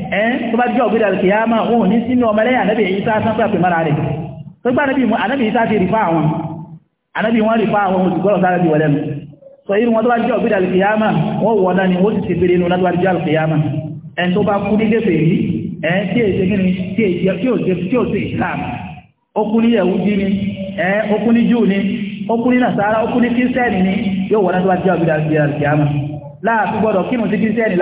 ẹ́n tó bá jọ ògbédà kìí àmà òun ní sínú ọmọlẹ́yìn ànábì èyí sá sánpẹ́ pè mara rẹ̀ tó gbá ànábì yìí sá ti rìfà àwọn ànábì wọ́n rìfà àwọn olùgbọ́rọ̀ sára bí wọlẹ́nu sọ irú wọn tó bá jọ ògbédà kìí àmà wọ́n wọ̀ náà ni wọ́n ti ti bèrè inú láti wá jọ kìí àmà ẹn tó bá kú ní gẹ́fẹ̀ yìí ẹn tí èsè kí ni tí ò sí Islam ó kú ní Yahudi ni ẹn ó kú ní Júù ni ó kú ní Nasara ó kú ní Kírísítẹ́nì ni yóò wọ̀ náà tó bá jọ ògbédà kìí àmà láàtúgbọ́dọ̀ kí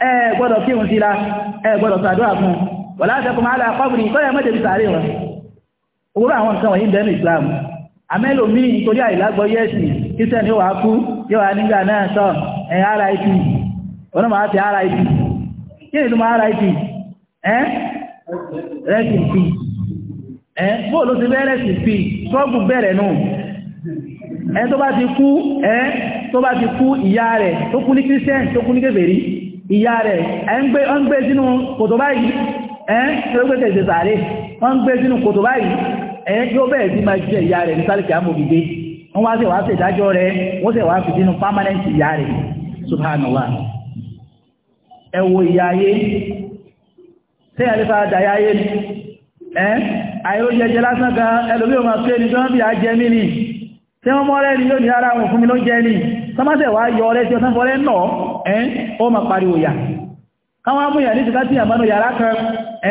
ẹ gbọ́dọ̀ kí òun sí la ẹ gbọ́dọ̀ sàdúrà fún wọ̀lá àṣẹkùnmọ́ aláàkọ́bùnì kọ́yà mọ́jẹ̀bí sàárè wọn owó àwọn nǹkan wọ̀nyí bẹ̀rẹ̀ ìsìláàmù àmẹ́lò míì nítorí àìlágbọ́ yẹ́sì kíṣẹ́ ni ó wà kú yóò wà nígbà náà sọ ẹ̀yà rip ọ̀nà máa ti rip kí ni ló máa rip ẹ́ rẹ́sì fi ẹ́ bóò ló ti bẹ́ẹ̀ rẹ́sì fi trọ́gù bẹ̀rẹ̀ nù ẹ́ tó bá ti kú ẹ́ tó bá ti kú ìyá rẹ̀ tó kú ní kírísẹ́n tó kú ní kèfèrí ìyá rẹ̀ ẹ̀ ń gbé sínú kòtò báyìí ẹ̀ ń gbé wọ́n ń gbé sínú yóò bẹ̀ẹ̀ sí máa jẹ ìyá rẹ̀ ní sálìkì amògìdé wọ́n wá sẹ̀wá rẹ̀ wọ́n sẹ̀wá fi sínú permanent ìyá rẹ̀ ìyá rẹ̀ sọmọ́sẹ̀ wá yọ tí ọ̀sán fọ́lẹ́ náà ẹ́ ó ma pariwo yà káwọn amúyà ní ṣùgbọ́n tí àmọ́nà yàrá kan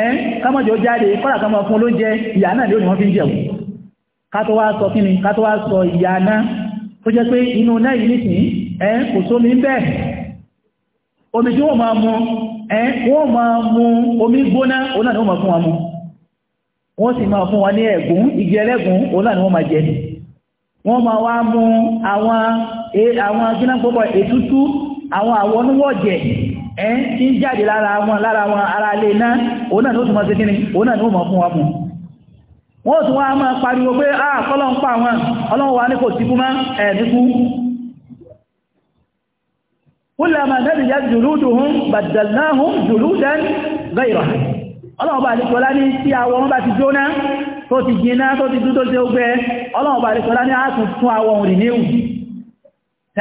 ẹ́ kámọ́jọ́ jáde kọ́lá kan máa fún lóúnjẹ ìyà náà ló ní wọ́n fi ń jẹun ká tó sọ kíni sọ ìyà náà ni wọ́n wọ́n máa wá mú àwọn e, àwọn gínápọ̀pọ̀ ètútú àwọn àwọnúwọ̀jẹ̀ ẹ́ tí ń jáde lára wọn lára wọn ara lè ná òun náà ni ó tún máa ṣe kíni òun náà ni ó máa fún wa mú wọ́n tún wá máa pariwo pé ah kọ́lọ́ ń pa wọn ọlọ́run wa ní kò sí kú má ẹ̀ ní kú kúlẹ̀mà nẹ́bìyà jùlúdù hún bàdàlá hún jùlúdàn gbẹ̀rọ̀ ọlọ́run bá ní kọlá ní tí àwọn wọn bá ti jóná tó ti jiná tó ti dúdó tí ó gbẹ́ ọlọ́run bá àríkọ́lá ní àtún fún àwọn ohun rìn níwù tí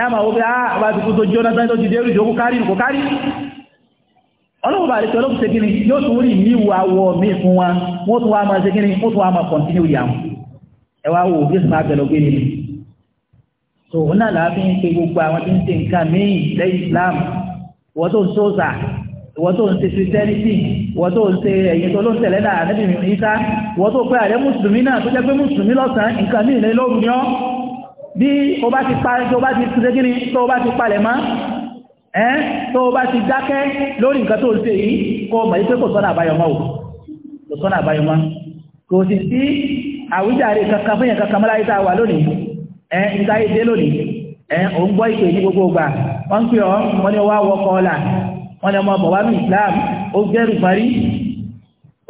a máa wó pé àbá ah, ti kú tó Jonathan tó ti dé ìjọ kókárí kò kárí ọlọ́run bá àríkọ́lá ó ṣe kíni yóò tún rí níwù awọ mi fún wa wọ́n tún wá máa ṣe kíni wọ́n tún wá máa kọ̀ntínú yà wọn ẹ wá wò bí sùn àgbẹ̀lọ́ gbé nínú tòun náà láàfin pé gbogbo àwọn tí ń ṣe nǹkan míì lẹ́yìn Islam wọ́n tó ń sóòsà wọ́n tó ń ṣe christianity wọ́n tó ń ṣe ẹ̀yìn tó ló ń tẹ̀lé náà níbi ìrìn ìta wọ́n tó pé ààrẹ mùsùlùmí náà tó jẹ́ pé mùsùlùmí lọ́sàn-án nǹkan ní ilẹ̀ lóru ni ọ́ bí o bá ti parẹ́ tó bá ti ṣe gíní tó bá ti palẹ̀ mọ́ ẹ́ tó bá ti dákẹ́ lórí nǹkan tó ń ṣe yìí kó mọ̀ yí pé kò sọ́nà àbáyọmọ́ o kò sọ́nà àbáyọmọ́ kò sì sí àwíjàre kankan fún yẹn kankan mọ́lá yìí tá a wà lónìí ẹ́ wọ́n ni ọmọ bọ̀wá ní islam ó gẹ́rù parí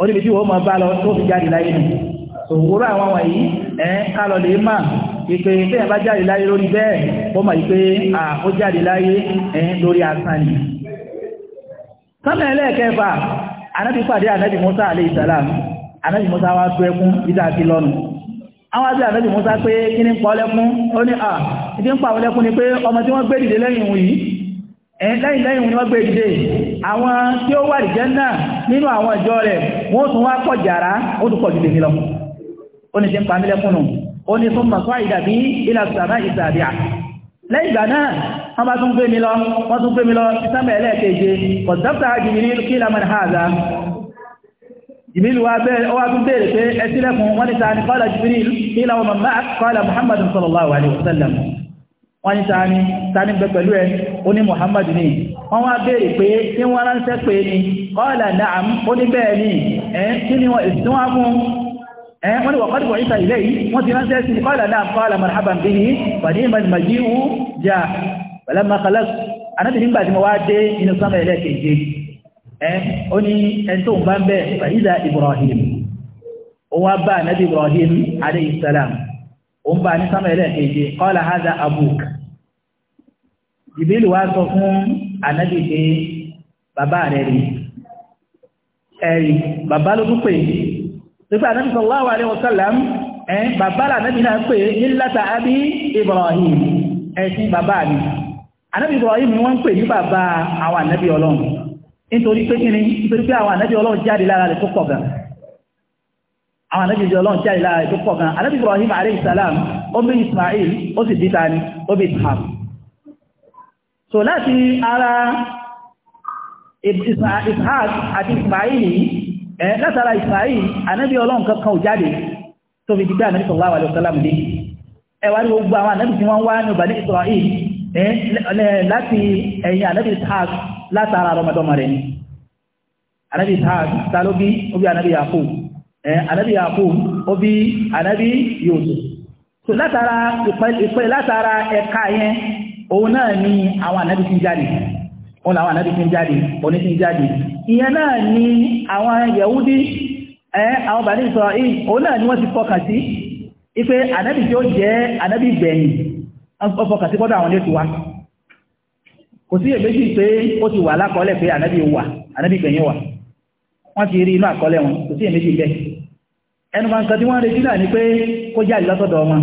oníbi tí wọ́n máa bá lọ tó fi jáde láyé nù òwúrọ̀ àwọn wọ̀nyí ẹ̀ kálọ̀ lè máa ìpè tẹ́yà bá jáde láyé lórí bẹ́ẹ̀ ó máa ìpè ó jáde láyé ẹ̀ lórí asán ni sọ́nà ẹlẹ́ẹ̀kẹfà anábì pàdé anábì musa alayhi salam anábì musa wá tó ẹkún ìdá sí lọ́nu àwọn àti anábì musa pé kí ni ń pa ọlẹ́kún ó ní à ìdí ń pa ọlẹ́kún ni pé ọmọ tí wọ́n gbé dìde lẹ́yìn lẹ́yìn lẹ́yìn ni wọ́n gbé dìde àwọn tí ó wà ìjẹ́ náà nínú àwọn ìjọ rẹ̀ wọ́n tún wá pọ̀ jàrá ó tún pọ̀ jù lèmi lọ ó ní ṣe ń pàmílẹ̀ fún un ó ní tún mọ̀sán ìdàbí ilà sàmà ìsàbíà lẹ́yìn ìgbà náà wọ́n bá tún gbé mi lọ wọ́n tún gbé mi lọ sísẹ́mẹ̀ ẹlẹ́ẹ̀keje kọ̀dọ́kítà jìbìlì kí lamọ̀n hàzà jìbìlì wa tún béèrè pé ẹ sílẹ̀kùn wọ́n ní ta ni kọ́lá jìbìlì kí lamọ̀n máa kọ́lá muhammadun sallallahu alaihi wasallam wọ́n ní sáni sáni bẹ pẹ̀lú ẹ ó ní muhammadu ni wọ́n wá béèrè pé tí wọ́n ránṣẹ́ pé ni qala na'am ó ní bẹ́ẹ̀ ni ẹ̀ kí ni wọ́n èsì wọ́n mú ẹ̀ wọ́n ní wọ̀kọ́dù wọ̀ ìta ilé yìí wọ́n ti ránṣẹ́ sí qala na'am qala marhaban bihi pàdé ìmọ̀lìmọ̀jì wù jà pẹ̀lẹ́ makala anábì nígbà tí bá ní sánmà ilé keje qala hadha jìbìlì wá sọ fún ànábì pé bàbá rẹ̀ rí ẹ̀rì bàbá ló tún pè é nípa ànábì sallallahu alaihi wasallam ẹ̀ bàbá là ànábì náà pè é nílátà àbí Ibrahim ẹ̀sìn bàbá mi ànábì Ibrahim ni wọ́n ń pè ní bàbá àwọn ànábì ọlọ́run nítorí pé kí ni nítorí pé àwọn ànábì ọlọ́run jáde lára rẹ̀ tó pọ̀ gan àwọn ànábì ọlọ́run jáde lára rẹ̀ tó pọ̀ gan ànábì Ibrahim alayhi salam ó bí Ismail ó sì bí ó bí Ishaq so láti ara ishaq àti ismaili ẹ̀ eh, látara ismaili anábí ọlọ́run kankan ò jáde tó fi dìgbà anábí sallallahu alaihi wasallam dé ẹwà ní gbogbo àwọn anábí tí wọ́n wá ní ọba ní israel eh, láti ẹ̀yìn òun náà ni àwọn ànábì ti ń jáde òun làwọn ànábì ti ń jáde òní ti ń jáde ìyẹn náà ni àwọn yẹ̀wúdí ẹ àwọn bàní sọ ì òun náà ni wọ́n ti fọkà sí ipe ànábì tí ó jẹ́ ànábì gbẹ̀yìn wọ́n fọkà sí kọ́dọ̀ àwọn ilé tiwa kò sí èméjì pé ó ti wà lákọọ́lẹ̀ pé ànábì wà ànábì gbẹ̀yìn wà wọ́n ti rí inú àkọọ́lẹ̀ wọn kò sí èméjì bẹ́ẹ̀ ẹnu kan kan tí wọ́n retí náà ni pé kó jáde lọ́sọ̀dọ̀ wọn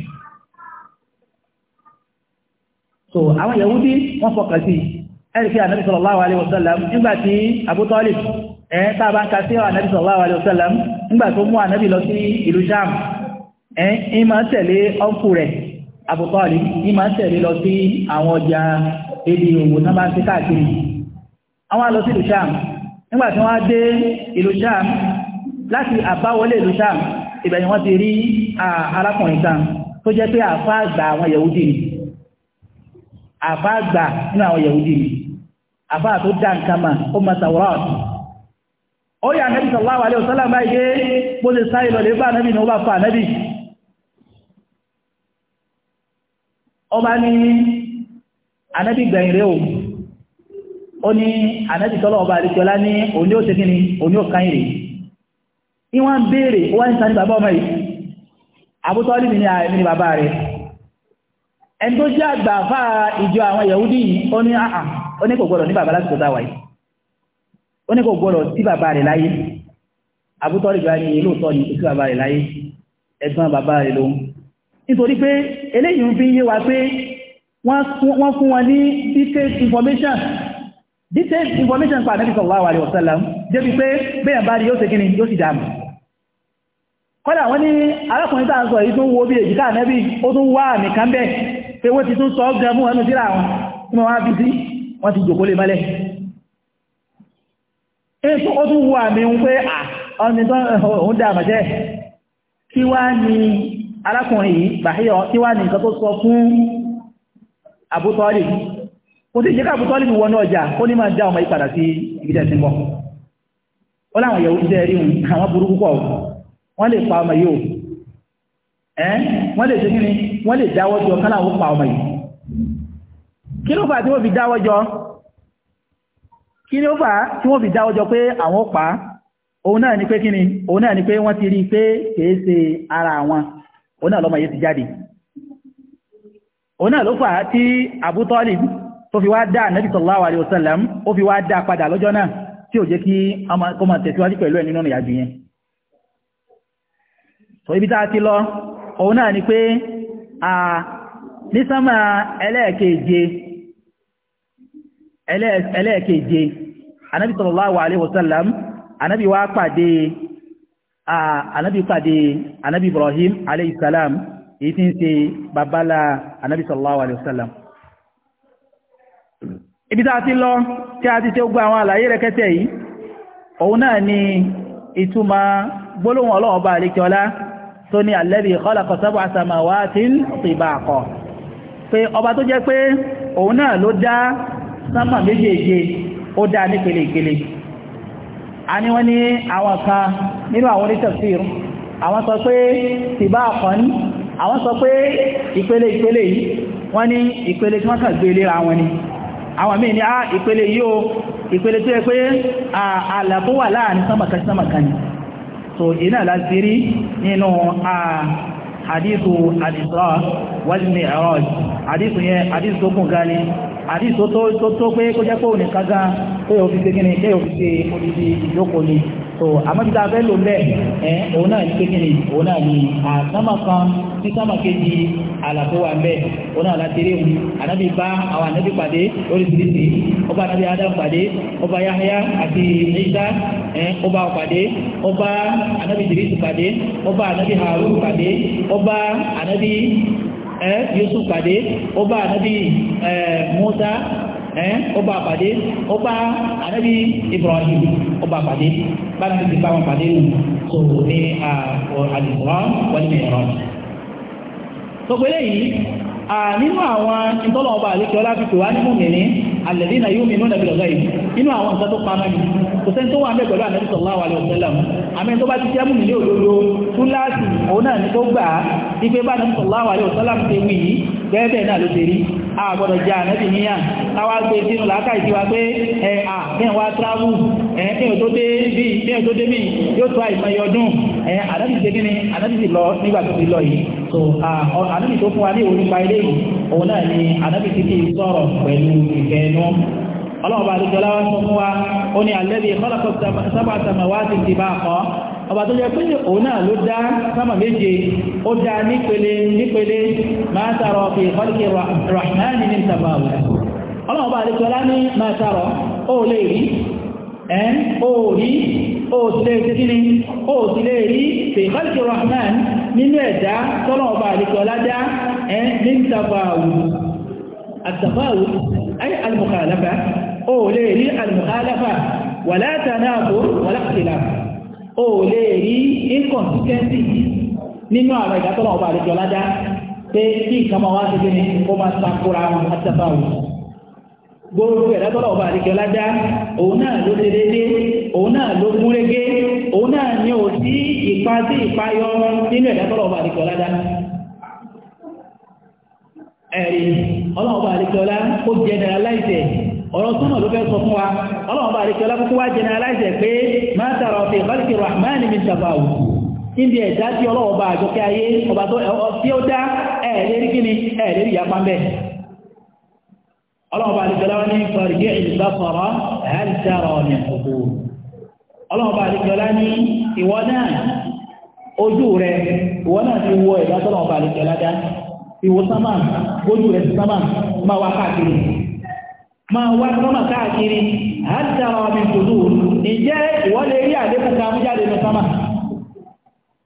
so àwọn yahudi wọ́n fọkàn sí ẹ̀rìkí ànábì alaihi wasallam nígbà tí Abu Talib ẹ̀ tàbá ń ka sí alaihi wasallam nígbà tó mú ànábì lọ sí ìlú Abu Talib ìmọ̀ tẹ̀lé lọ sí àwọn ọjà èdè òwò tán bá ń sí káàkiri àwọn á lọ sí ìlú sham nígbà tí wọ́n dé ìlú sham láti àbáwọlé ìlú sham ìbẹ̀yìn wọ́n ti rí arákùnrin kan tó jẹ́ pé àfáàgbà àwọn yahudi ni àbá àgbà nínú àwọn yahudi àbá tó dá nǹkan mà ó ma tàwọ́rọ̀ ó yà nẹ́bí sallallahu alaihi wasallam báyìí bó ṣe sáré lọ lè bá nẹ́bí ni ó bá fa nẹ́bí ọba ní anẹ́bí gbẹ̀yìn rẹ̀ o ó ní anẹ́bí tọ́lọ̀ ọba àríkọlá ní òní ó ṣe kí ni òní ó kàn ìrè ìwọ̀n béèrè wọ́n ń sáré bàbá ọmọ yìí àbútọ́lì ah, ni bàbá rẹ̀ ẹni tó jẹ́ àgbà àfá ìjọ àwọn yahudi yìí ó ní àà ó ní kò gbọ́dọ̀ ní bàbá lásìkò táwà yìí ó ní kò gbọ́dọ̀ sí bàbá rẹ̀ láyé àbútọ́ rẹ̀ gbá ní ilóòtọ́ ní sí bàbá rẹ̀ láyé ẹ̀gbọ́n bàbá rẹ̀ lóhun nítorí pé eléyìí fi yé wa pé wọ́n fún wọn ní detailed information detailed information pa Ànábì sallallahu alaihi wasallam débi pé bẹ́ẹ̀ bá rí yóò ṣe kíni yóò sì dààmú kọ́dà wọ́n ní arákùnrin tàà sọ èyí tó wo bí èjìká Ànábì ó tún wá àmì kan bẹ́ẹ̀ pé wọ́n ti tún sọ ọ́gbẹ̀ mú ẹnu síra wọn tí wọ́n wá fi sí wọ́n ti jòkó lè mọ́lẹ̀ ètò ó tún wo àmì ń pé ah, ọ̀nà tó ń eh, dà àmàjẹ́ kí wá ní arákùnrin yìí bàáyọ̀ kí wá ní nǹkan tó sọ fún àbútọ́lì kò láwọn yẹ̀wò jẹ́ rí àwọn burúkú pọ̀ wọ́n lè pa ọmọ yóò ẹ́ wọ́n lè ṣekí ni wọ́n lè dáwọ́jọ káláwọ́ pa ọmọ yìí kí ló fà tí wọ́n fi dáwọ́jọ kí ló fà tí wọ́n fi dáwọ́jọ pé àwọn pa òun náà ni pé kí ni òun náà ni pé wọ́n ti rí pé kìí ṣe ara àwọn òun náà lọ́mọ yìí ti jáde òun náà ló fà tí Abu Talib tó fi wá dá Nabi sallallahu alaihi wasallam ó fi wá dá padà lọ́jọ́ náà tí ò jẹ́ kí ọmọ tẹ̀síwájú pẹ̀lú ẹ̀ nínú ìyàjú yẹn so ibi tá òun náà ni pé ní sánmà ẹlẹ́ẹ̀keje ẹlẹ́ẹ̀keje anábì sallallahu alaihi wasallam anábì wá pàdé anábì pàdé anábì Ibrahim alaihi salam èyí tí ń ṣe babala anábì sallallahu alaihi wasallam ibi tá a ti lọ tí a ti ṣe gbogbo àwọn àlàyé rẹ̀kẹ́tẹ̀ yìí òun náà ni ìtumọ̀ gbólóhùn ọlọ́ọ̀bá àríkẹ́ọlá tó ní alladhi khalaqa sab'a samawatin tibaqa pé ọba tó jẹ́ pé òun náà ló dá sánmà méjèèje ó dá ní pèlèpèlè a ní wọ́n ní àwọn kan nínú àwọn onítafsir àwọn sọ pé tibaqan àwọn sọ pé ìpele ìpele yìí wọ́n ní ìpele tí wọ́n kàn gbé lera wọn ni àwọn míì ní á ah, ìpele yìí o ìpele tó yẹ pé ààlà wà láàrin sánmà kan sánmà kan ni so iná láti rí nínú àdíṣù al-Isra wal-Mi'raj àdíṣù yẹn àdíṣù tó kún gani àdíṣù tó tó pé kó jẹ́ pé òní kága pé òfin ṣe gíní pé òfin ṣe òdìdí ìjókòó ni so àmọ́tí tá a fẹ́ lò bẹ́ẹ̀ ẹ òun náà ní kékeré òun náà ní àsámà kan sí sámà kejì àlàfo wà bẹ́ẹ̀ òun náà láti rí òun ànábì bá o ànábì siri, lóríṣiríṣi ó bá ànábì adam pàdé ó bá yahaya àti isa ẹ ó bá pàdé ó bá ànábì dirisi pàdé ó bá ànábì harun pàdé o ba ànábì ẹ yusuf pàdé o ba ànábì ẹ musa ọba àpàdé ọba anabi ibrahim ọba àpàdé báyìí ti bá wọn pàdé nù tó ní àdìsọ́rọ́ wọ́n ní ẹ̀rọ. gbogbo eléyìí nínú àwọn ìtọ́lọ̀ ọba àlékiọlá fi tòwá nínú mìíní àlẹ́lí náà yóò mìíràn dàbí lọ́gá yìí nínú àwọn nǹkan tó pamọ́ ni kò sẹ́ni tó wà ń bẹ̀ pẹ̀lú ànábì sallallahu alaihi wasallam àmì tó bá ti jẹ́ mùmí ní òdodo túláàsì òun náà ni tó gbà á wípé bá ànábì sallallahu alaihi wasallam ti wí yìí náà ló ti rí àgbọ̀dọ̀ jẹ́ ànẹ́bì níyà káwà gbé sínú làákà ìsíwá pé ẹ à kíyàn wá tíráwù ẹ kíyàn tó dé bí kíyàn tó dé bí yóò tó àìsàn yọdún ẹ so ànẹ́bì tó fún wa ní ìwé nípa ilé yìí òun náà ni ànẹ́bì ti ti sọ̀rọ̀ pẹ̀lú ìfẹ́ inú ọlọ́ọ̀bà àdúgbò láwọn sọ fún wa ó ní alẹ́bí ọba tó jẹ́ pé òun náà ló dá sámà méje ó dá nípele nípele máa tààrọ fi ìfọ́lùkì rahmani ní tàbáwù ọlọ́ọ̀bá àdékọ́lá ní máa tààrọ ó lè rí ẹ́ ó rí ó sílé ìsẹ́kíní ó sílé rí fi ìfọ́lùkì rahman nínú ẹ̀dá tọ́lọ̀ọ̀bá àdékọ́lá dá ẹ́ ní tàbáwù àtàbáwù ayé o lè rí inconsistency nínú àwọn ìdátọ́lọ̀ ọba àlejò lájá pé kí ìkàmọ̀ wá sí gíní ó máa sàkóra wọn àtàbà òun gbogbo ìdátọ́lọ̀ ọba àlejò lájá òun náà ló ṣe déédé òun náà ló mú òun náà ní ò sí ipa sí ìpayọ nínú ìdátọ́lọ̀ ọba lájá ẹ̀rí ọlọ́ọ̀ba lá ó ọ̀rọ̀ súnmọ̀ ló fẹ́ sọ fún wa ọlọ́run bá rí kí ọlákùnkú wá jẹ́ aláìsẹ̀ pé máa tààrà ọ̀fẹ́ ìbálòkè rahman mi tàbà òkú níbi ẹ̀dá tí ọlọ́run bá àjọkẹ́ ayé ọba tí ó dá ẹ̀ẹ́lérí kíni ẹ̀ẹ́lérí yapa ń bẹ̀ ọlọ́run bá rí kí ọlá ní sọ̀rìgé ìlúgbà sọ̀rọ̀ ẹ̀ẹ́dìtàrọ̀ ọ̀nà òkú ọlọ́run bá rí kí ọlá ní ìwọ náà ojú rẹ ìwọ náà máa wá sọ́mà káàkiri àtàrà ọmọ ìfòdó ìjẹ́ ìwọ́lẹ̀ rí àdékùnká mújáde ní sọ́mà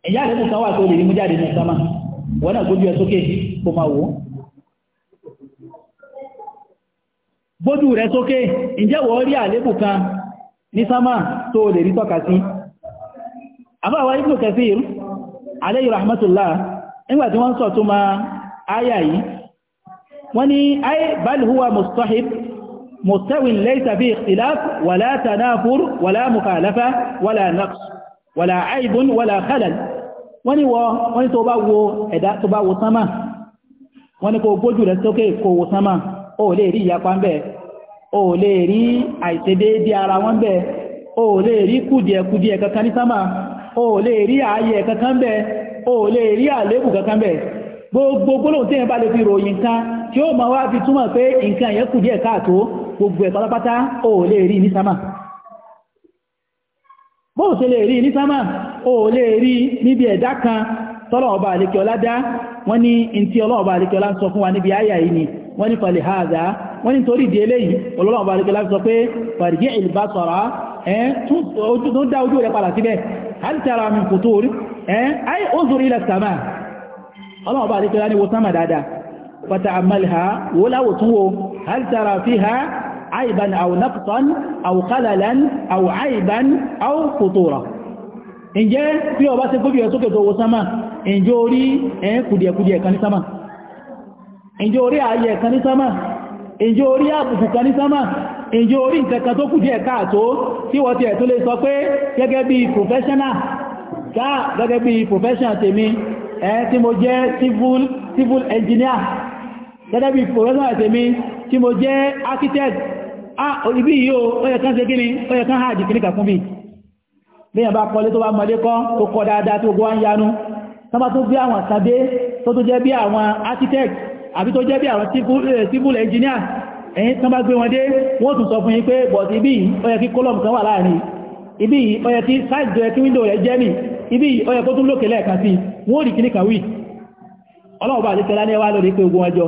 ìyá àdékùnká wà tó lè rí mújáde ní sọ́mà wọ́n náà gbójú ẹ sókè kó máa wò gbójú rẹ sókè ìjẹ́ wọ́n rí àdékùnká ní sọ́mà tó lè rí tọ́ka sí àbáwá Ibn Kathir alayhi rahmatullah nígbà tí wọ́n huwa mustahib مستوى ليس فيه اختلاف ولا تنافر ولا مخالفة ولا نقص ولا عيب ولا خلل wọ́n ní wọ́ wọ́n ní tó bá wo ẹ̀dá tó bá wo sánmà wọ́n ní kó gbójú rẹ̀ sókè kó wo sánmà o lè rí ìyapa ń bẹ̀ o lè rí àìṣedéédé ara wọn bẹ̀ o lè rí kùdìẹ̀kùdìẹ̀ kankan ní sánmà o lè rí ààyè kankan bẹ̀ o lè rí àlébù kankan bẹ̀ gbogbo gbogbo ẹ̀ pátápátá o lè rí ní sámà bóò ṣe lè rí ní sámà o lè rí níbi ẹ̀dá kan tọ́lọ̀ọba àlekẹ́ọlá dá wọ́n ní ntí ọlọ́ọ̀ba àlekẹ́ọlá sọ fún wa níbi àyà yìí ni wọ́n ní falẹ̀ haza wọ́n ní torí ìdí eléyìí ọlọ́ọ̀ba àlekẹ́ọlá sọ pé fàrígé ìlbásọ̀rá ẹ̀ tún dá ojú rẹ̀ padà síbẹ̀ hal tara min futur ẹ̀ ayé ó zòrí ilẹ̀ sàmà ọlọ́ọ̀ba àlekẹ́ọlá ni wo sámà dáadáa وتعملها ولا وطوه هل ترى فيها عيبا أو نقصا أو خللا أو عيبا أو خطورة إن جاء في أباس كبير سكت وسما إن جوري إن كدية كدية كان سما إن جوري آية كان سما إن جوري أبو كان سما إن جوري كان تو كدية كاتو في وتي أتولي سوكي كجبي professional كا كجبي professional تمي ẹ tí mo jẹ́ civil civil engineer gẹ́gẹ́ bí professor àtẹ̀mí tí mo jẹ́ architect ah ibi yíò ọyẹ kan ṣe gíní ọyẹ kan hajj kìní kàkún bí lẹ́yìn bá kọlé tó bá mọ̀lé kọ́ tó kọ dáadáa tó gbọ́n yanu sábà tó bí àwọn sàdé tó architect àbí tó jẹ́ bí àwọn civil eh, engineer ẹ̀yìn tán bá gbé wọn dé wọ́n tún sọ fún yín pé bọ̀t ibi ibi ọyẹ kí side ọyẹ kí window rẹ̀ ibi ọyẹ kó tún lókè lẹ́ẹ̀kan sí wọ́n rí kìní kàwí ọlọ́ọ̀bá àti tẹ́lá ní ẹwà lórí pé ogun ọjọ́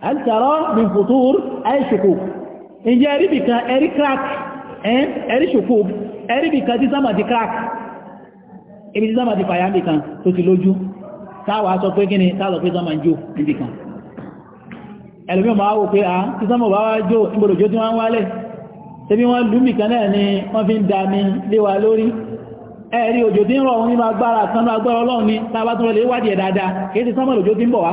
هل ترى من فطور أي شكوك إن جاء ربك أري كراك أري شكوك أري بك تسمى كراك ibi tí sáàmà ti fàyà ń bì kan tó ti lójú táwà sọ pé gíní táàlọ̀ pé sáàmà ń jò níbì kan ẹlùmí ọmọ àwò pé a tí sáàmà bá wá jò ìgbòrò jò tí wọ́n ń wálẹ̀ tẹ́bí wọ́n lùmì kan náà ni wọ́n fi ń da mi lé wa ẹ̀rí òjò tí ń rọ̀ òun nínú agbára kan agbára ọlọ́run ni táwa lè wádìí ẹ̀ dáadáa kì í ti tí ń bọ̀ wá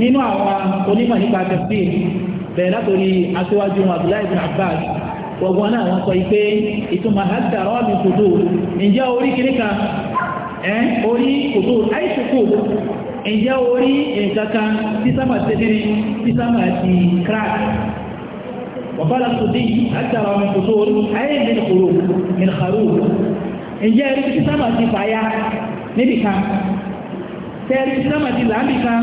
nínú àwọn onímọ̀ nípa tẹ̀sí bẹ̀rẹ̀ látòrí aṣíwájú Abdullahi ibn Abbas gbogbo náà wọ́n sọ pé ìtumọ̀ àdàrọ́ mi kòtò ǹjẹ́ orí kìríkà ẹ́ orí kòtò àìsùkò ǹjẹ́ orí ẹ̀kankan sísámà tẹ́bírí sísámà ti crack wọ̀fàlá kòtò àdàrọ́ mi kòtò ayébìn kòrò mìnkàrò ǹjẹ́ rí sísámà ti fàyà níbìkan tẹ́rí sísámà ti làmìkan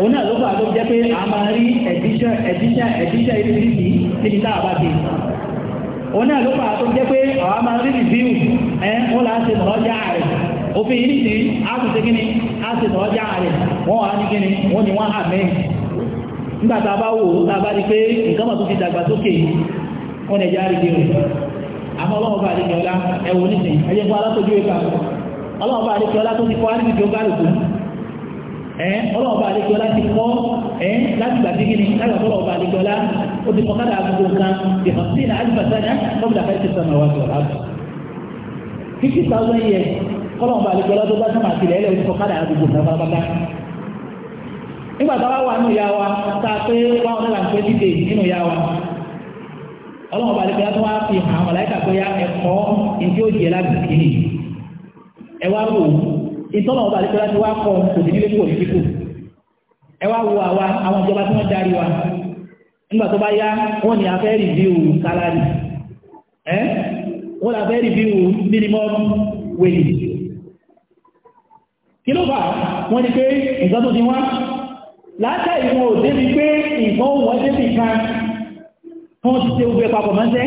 òun náà ló fà tó jẹ́ pé a máa rí ẹ̀díṣẹ́ ẹ̀díṣẹ́ ẹ̀díṣẹ́ ìrísí níbi tá a bá ti òun náà ló fà tó jẹ́ pé àwa máa rí rìvíù ẹ̀ ń là ń ṣe mọ̀ọ́jà rẹ̀ òfin yìí nìsí a ti ṣe kíni a ṣe rẹ̀ wọ́n wà ní kíni wọ́n ni wọ́n hà mí nígbà tá a bá wò tá a bá rí pé nǹkan mọ̀ tó ẹ ọlọ́ọ̀bá àdékọ́lá ti kọ́ ẹ láti gbàdé gíní láti ọba ó ti kọ́kádà àgùgbò kan di hamsin alifasana kọ́bìlà fẹ́ẹ́ ti sọ̀nà wà sọ̀rọ̀ àbù. fifty thousand years ọlọ́ọ̀bá àdékọ́lá tó bá sọ́mà àtìlẹ̀ ẹlẹ́ ti kọ́kádà pátápátá. a wá wà nù ya wa a pé nínú ya wa ìtọ́nà ọba àdìsọ́lá ti wá kọ kò sí nílé kò ní kíkù ẹ wá wo àwa àwọn ìjọba tí wọ́n darí wa nígbà tó bá yá wọ́n ní afẹ́ rìvíù sálárì ẹ́ wọ́n la fẹ́ rìvíù minimum wage kí ló fà wọ́n ní pé nǹkan tó ti wá látà ìwọ̀n ò débi pé nǹkan ò débi kan wọ́n ti ṣe gbogbo ẹ̀pàpọ̀ mọ́ṣẹ́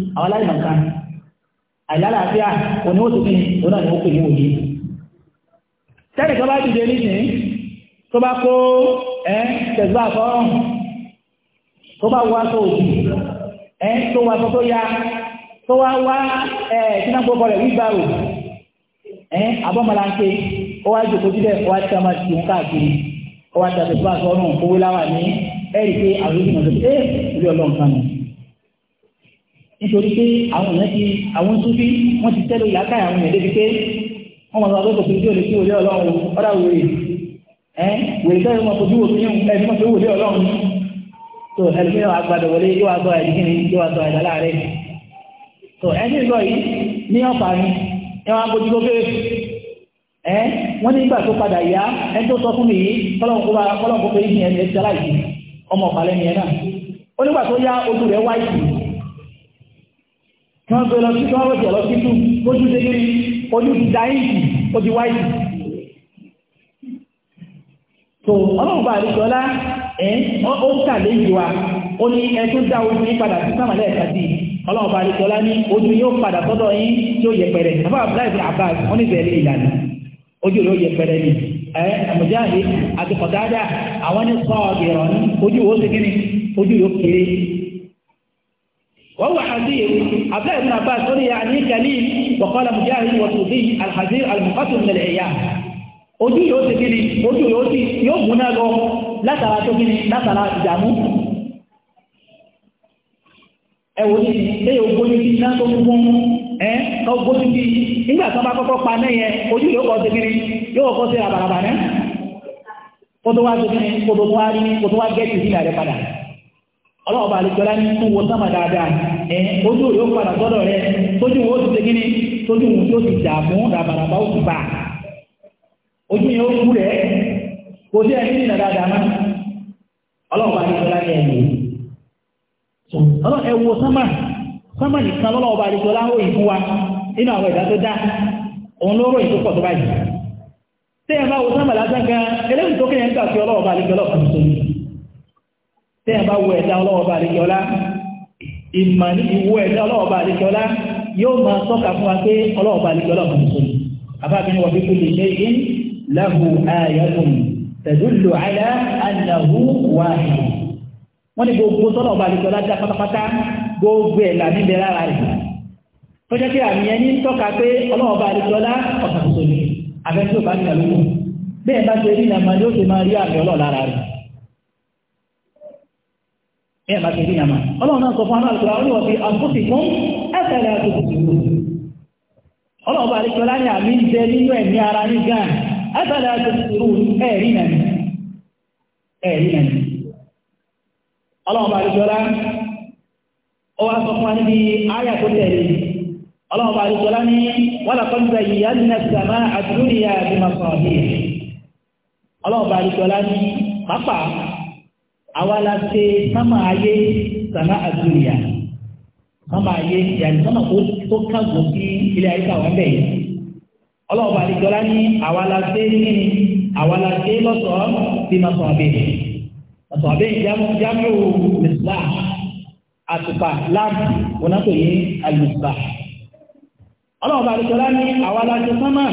àwọn aláìmọ̀kan àìlálàáfíà òní ó tún ní òun náà ni ó pè ní òye tẹ́lẹ̀ tó bá dìde nísìn tó bá kó ẹ́ tẹ̀síwá fọ́ọ̀rùn tó bá wá tó òjì ẹ́ tó wá tó tó ya tó wá wá ẹ̀ tí náà gbogbo rẹ̀ wíbàrò ẹ́ abọ́mọláńké ó wá jòkó síbẹ̀ ó wá tí a máa ti ń káàkiri ó wá tẹ̀síwá fọ́ọ̀rùn owó láwà ní ẹ̀rí pé àwọn ìgbìmọ̀ tó ṣe é ìlú ọlọ́run kan nù nítorí pé àwọn èèyàn ti àwọn súnfí wọ́n ti tẹ́lẹ̀ ìlàkà àwọn èèyàn débi pé wọ́n mọ̀ lọ́wọ́ tó fi ojú òde sí òde ọlọ́run ọ̀dà wèrè ẹ́ wèrè tẹ́lẹ̀ wọn fojú òfin ẹni mọ̀ pé òde ọlọ́run tó ẹlòmíràn agbádọ̀ wọlé yóò wá gbọ́ ẹ̀dí kíni yóò wá gbọ́ ẹ̀dá láàrẹ̀ tó ẹni sọ yìí ní ọ̀pá ni ẹ wá bójú lókè ẹ wọ́n ní ìgbà tó padà yá ẹni tó sọ fún mi yìí kọ́lọ́ọ̀kọ́ fẹ́ yìí ẹni ẹ̀ wọ́n lọ sí tí wọ́n sí ojú ti ojú ti wáyé. tó ọlọ́run bá ẹ̀ ó ń kà léyìí wa ó ní ẹ tó dá ojú yín padà sí sàmàlẹ́ ẹ̀ka sí ọlọ́run bá ní ojú yóò padà sọ́dọ̀ yín tí ó yẹ pẹ̀rẹ̀ àbá abdullahi bin abbas ní bẹ̀rẹ̀ ìlànà ojú rẹ̀ ó yẹ àti àwọn ní وهو حذير عبد الله بن عباس قال يعني كليل وقال مجاهد وسودي الحذير المقتل من العيان ojú yóò ti kiri ojú yóò ti yóò múná lọ látara tó kiri látara ṣe yóò gbójú sí iná tó fún fún sí tó bá kọ́kọ́ pa náà ojú yóò kọ́ sí kiri yóò kọ́ sí àbàràbà kó tó wá sí kiri kó tó wá rí kó tó wá gẹ́ẹ̀tì sí padà Ọlọọba alijọla ní tún wo sámà dáadáa ẹ ojú òyò padà sọ́dọ̀ rẹ tójú wo ti ṣe kíní tójú wo tí ó ti dààmú ràbàràbà ó ti bà ojú yẹn kú rẹ kò sí ẹni nínú dáadáa mọ́ ọlọ́ọ̀bà àlejòlá ní ẹ̀yìn tẹ́yàn bá wo ẹ̀dá ọlọ́ọ̀bá àríkẹ́ọlá ìmà ní ìwò ẹ̀dá ọlọ́ọ̀bá àríkẹ́ọlá yóò máa tọ́ka fún wa pé ọlọ́ọ̀bá àríkẹ́ọlá ọ̀pọ̀ nìkan àbábí ni wọ́n fi kúlè ṣe yìí lahu ayatun tadullu ala annahu wahid wọ́n ní gbogbo tọ́lọ̀ọ̀bá àríkẹ́ọlá dá pátápátá gbogbo ẹ̀là níbẹ̀ lára rẹ̀ tó jẹ́ pé àmì ẹni tọ́ka pé ọlọ́ọ̀bá àríkẹ́ọlá ọ̀pọ̀ ẹ̀mà tẹ̀lé nàmà ọlọ́run náà sọ fún aláàlùkùrá ó ní wọ́n fi ẹ̀fẹ̀lẹ̀ ọlọ́run bá nínú ọlọ́run bá ní àwa la ṣe sámà sana sàmà àdúrà sámà ayé yàtí sámà tó kàgùn sí ilé ayé káwọn bẹ̀ yìí ọlọ́ọ̀bà àdìjọ́lá ni àwa la ṣe ní àwa la ṣe lọ́sọ̀ọ́ sí masọ̀ àbẹ̀yẹ masọ̀ àbẹ̀yẹ jámù mẹsùlá àtùpà láàbù wọnàtò yìí àlùsùlá ọlọ́ọ̀bà àdìjọ́lá ni àwa la ṣe sámà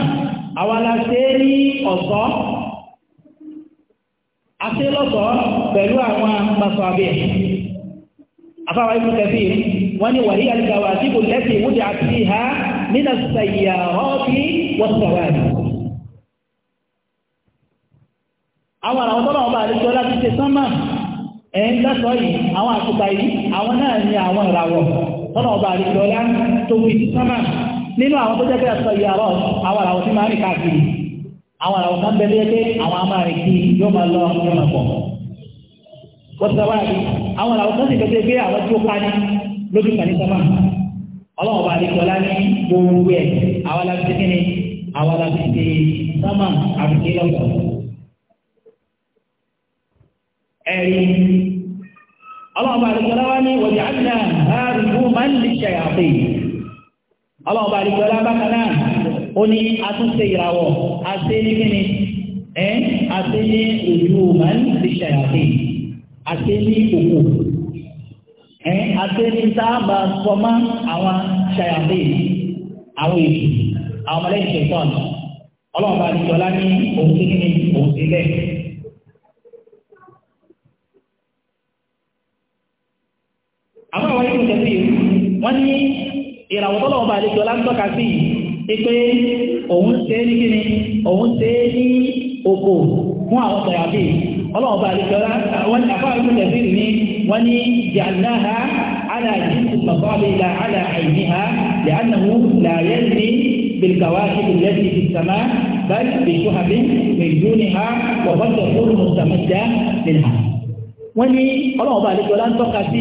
àwa la ṣe ní ọ̀sọ́. àti lọ́sọ̀ọ́ pẹ̀lú àwọn pàṣọ àbẹ̀ afáwa ikú kẹfì wọ́n ní wàhíyà ti gbàwà kò lẹ́sì ìwúdí àti ha nínà sàyà ọ́ọ́bí wọ́sọ̀wárì àwọn àwọn tọ́lọ̀ ọba àdéjọ́ láti ṣe sánmà ẹ̀ ń yìí àwọn yìí àwọn náà àwọn ìràwọ̀ ọba tó fi sánmà nínú àwọn tó jẹ́ àwọn àwọn àwọn àwọn kan bẹ̀rẹ̀ pé àwọn amárin kí yóò máa lọ yóò máa pọ̀ wọ́n ti wáyé àwọn àwọn kan sì bẹ̀rẹ̀ pé àwọn tí ó pa ní lójú kan ní sọ́mà ọlọ́run bá àdéhùn ọlá ní gbogbo ẹ̀ àwọn alábìsí kí ni àwọn alábìsí ti sọ́mà àbìsí lọ́sọ̀ ẹ̀rí ọlọ́run bá àdéhùn ọlá wá ní wọ̀dí àdínà láàrin fún máa ń lè ṣe àyàfẹ́ ọlọ́run bá àdéhùn ọlá bákan náà ó ní atúnṣe ìràwọ̀ àṣẹ ní kíni ẹ́ àṣẹ ní ojú màálù ti ṣàyàtì àṣẹ ní òkú ẹ́ àṣẹ ní sábà sọmọ àwọn ṣàyàtì àwọn èyí àwọn ọmọlẹ́yìn ṣẹ̀tọ́n ọlọ́ọ̀bá àdìjọ́lá ní òun ti kíni òun ti bẹ́ẹ̀. àwọn àwọn ẹ̀yìn ìjẹ́sí wọ́n ní ìràwọ̀ tọ́lọ́ọ̀bá àdìjọ́lá ń tọ́ka sí yìí. pé òun ṣe ní kíni òun ṣe ní oko fún àwọn tẹ̀yàbí ọlọ́ọ̀bá àdìsọ́lá wọ́n ní àfáà ìpínlẹ̀ sí ní wọ́n ní jàǹdáha aláàjíǹsì mọ̀kọ́lélà aláàìníha lẹ́ánàmú làyẹ́sì بالكواكب التي في السماء بل بشهب من دونها وقد تكون مستمدة منها wọ́n ní ọlọ́run bá àlejò láńtọ́ka sí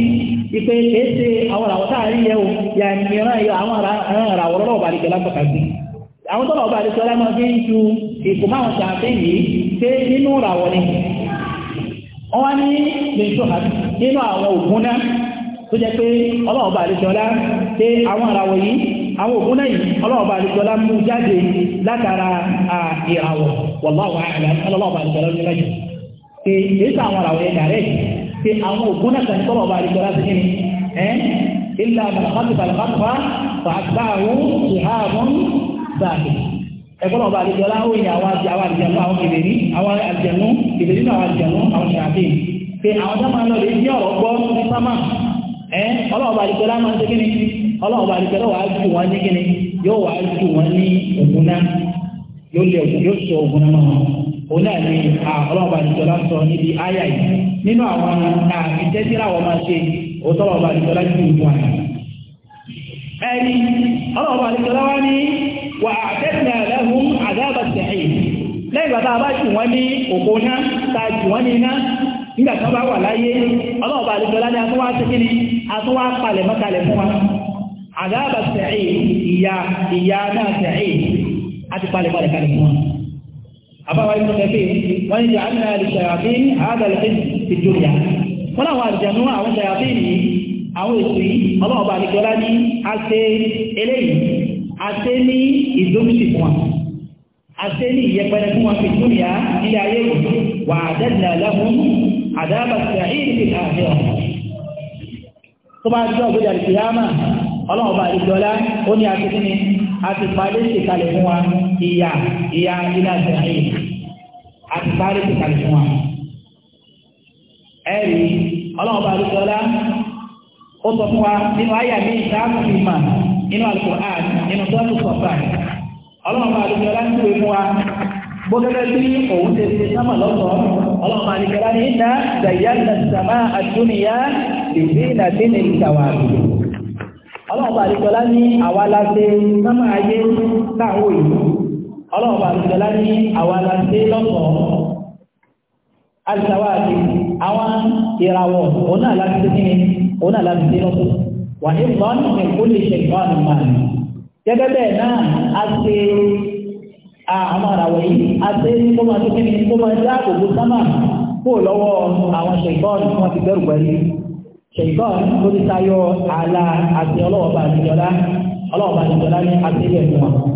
ipe èsè àwọn àwọn táàrí o yà mìíràn yọ àwọn àràwọ̀ ọlọ́run láńtọ́ka sí àwọn tó lọ́wọ́ febe ni tó jẹ́ pé ọlọ́run bá pé àwọn àràwọ̀ yìí àwọn náà yìí mú jáde pé èyí àwọn àwọn ẹ̀dà rẹ̀ pé àwọn ògùn náà kan tọ́lọ̀ ọba àdìgbò láti kí ni ẹ́ ilà àbàlàkàtì bàlàkàtà fàgbáàrú ìhàmùn bàbí ẹgbọ́n ọba àdìgbò láwọn èèyàn àwọn àdìgbò àdìgbò àwọn ìbèrí àwọn àdìgbò ìbèrí náà àdìgbò àwọn ìṣàkí pé àwọn sábà lọ lè ní ọ̀rọ̀ gbọ́ ní sámà ẹ́ ọlọ́ọ̀bà àdìgbò láwọn ṣe kí ni ọlọ́ọ̀bà àdìgbò wàá ju wọn ní kí ni yóò wàá ju òun náà a ọlọ́ọ̀bà ìjọba sọ níbi ninu yìí nínú àwọn ìtẹ́síra wọn máa ṣe òtọ́ọ̀bà ìjọba ti wù wá. ẹni ọlọ́ọ̀bà ìjọba wá ní wà àtẹ́sìn àlẹ́hùn àdáàbà sẹ̀yìn lẹ́yìn bàbá bá jù wọ́n ní òkò ta jù wọ́n ní iná nígbà tí wọ́n bá wà láyé ọlọ́ọ̀bà ìjọba ní atúwá ti atúwá palẹ̀ mọ́kalẹ̀ fún wa àdáàbà àbáwá ibùdó kẹfì wọn ni jàǹdà àlìṣàyàfẹ́ àádàlẹ́fẹ́ ti dúnyà wọn làwọn àlìjànú àwọn ṣàyàfẹ́ yìí àwọn èsì ọlọ́ọ̀bà àlìjọlá ní àṣẹ eléyìí àṣẹ ní ìdómìtì fún wa àṣẹ ní ìyẹpẹrẹ fún wa fi dúnyà nílé ayé wà àdẹ́dìnà lẹ́hùn àdábàṣà ìdí àhẹ́ tó bá jẹ́ ìyá ìyá ilé àtẹ̀yìn àti sáré ti kàlẹ̀ fún wa. ẹ̀rí ọlọ́run bá lóṣọ ọlá ó sọ fún wa nínú àyà mi ìdáàbò mi mà nínú Al-Qur'an nínú tọ́lù sọ̀tà ọlọ́run bá lóṣọ ọlá ń tẹ̀wé fún wa gbọ́gẹ́gẹ́ bí òun ṣe ṣe sámà lọ́sọ̀ọ́ ọlọ́run bá lóṣọ ọlá ní iná dàyàlá sàmà àdúnìyá lèdè nàdínì ìtàwàbí ọlọ́run bá lóṣọ ọlá ní àwa la sámà ayé láwọn òyìnbó ọlọ́run bá ti lọ́la ní àwọn aláṣẹ lọ́sọ̀ọ́ alìsàwà àti àwọn ìràwọ̀ òun náà láti ṣe kíni òun náà láti ṣe lọ́sọ̀ọ́ wà ní ìbọn ní kó lè ṣe ìbọn àmì máa ní. gẹ́gẹ́ bẹ́ẹ̀ náà a ṣe àwọn àràwọ̀ yìí a ṣe kó máa ṣe kíni kó máa dá òkú sámà kó lọ́wọ́ àwọn ṣèkọ́ọ̀nù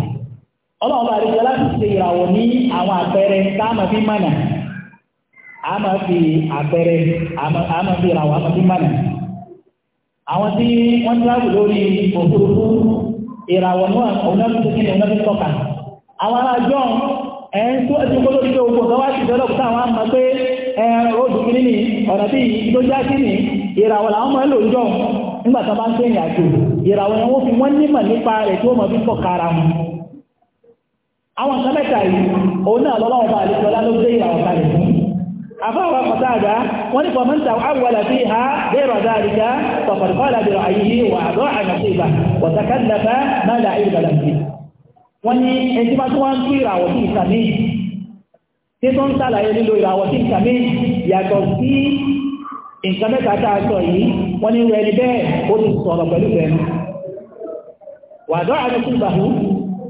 ọlọ́run bá àríjọ láti ṣe ìràwọ̀ ní àwọn àpẹẹrẹ táàmà fi mànà àmà fi àpẹẹrẹ àmà fi ìràwọ̀ àmà fi mànà àwọn tí wọ́n ti ráàbù lórí òfurufú ìràwọ̀ náà onáfíìsì ní onáfíìsì tọ́ka àwọn arájọ́ ẹ̀ ń tó ẹ̀sìn kó lórí pé ogun ọ̀gá wá sí ìdọ́lọ́pù táwọn àmà pé ẹ̀rọ̀dù kìíní ní ọ̀nà tí tó já sí ní ìràwọ̀ làwọn máa ń lò ń jọ nígbà tó bá ń tẹ̀yìn àjò ìràwọ̀ yẹn wọ́n fi wọ́n nímọ̀ nípa rẹ̀ tí wọ́n mọ̀ fi ń tọ̀ka ara wọn àwọn nǹkan mẹ́ta yìí òun náà lọ́lọ́wọ́ bá àlejò ọlá ló gbé ìràwọ̀ kalẹ̀ fún àfáwà kọta àgbà wọ́n ní kọmọ́ntà àwọ̀lá fi ha bẹ́ẹ̀rọ̀ dáadìka tọ̀fọ̀dọ̀fọ́lá bẹ̀rọ̀ àyíyí wà àgọ́ àgbàṣẹ́gbà wọ̀tàkàndàfà mẹ́lá ìgbàlàmì wọ́n ní ẹjí máa tún wá ń tú ìràwọ̀ sí ìsàmì tí tó ń sàlàyé lílo ìràwọ̀ sí ìsàmì yàtọ̀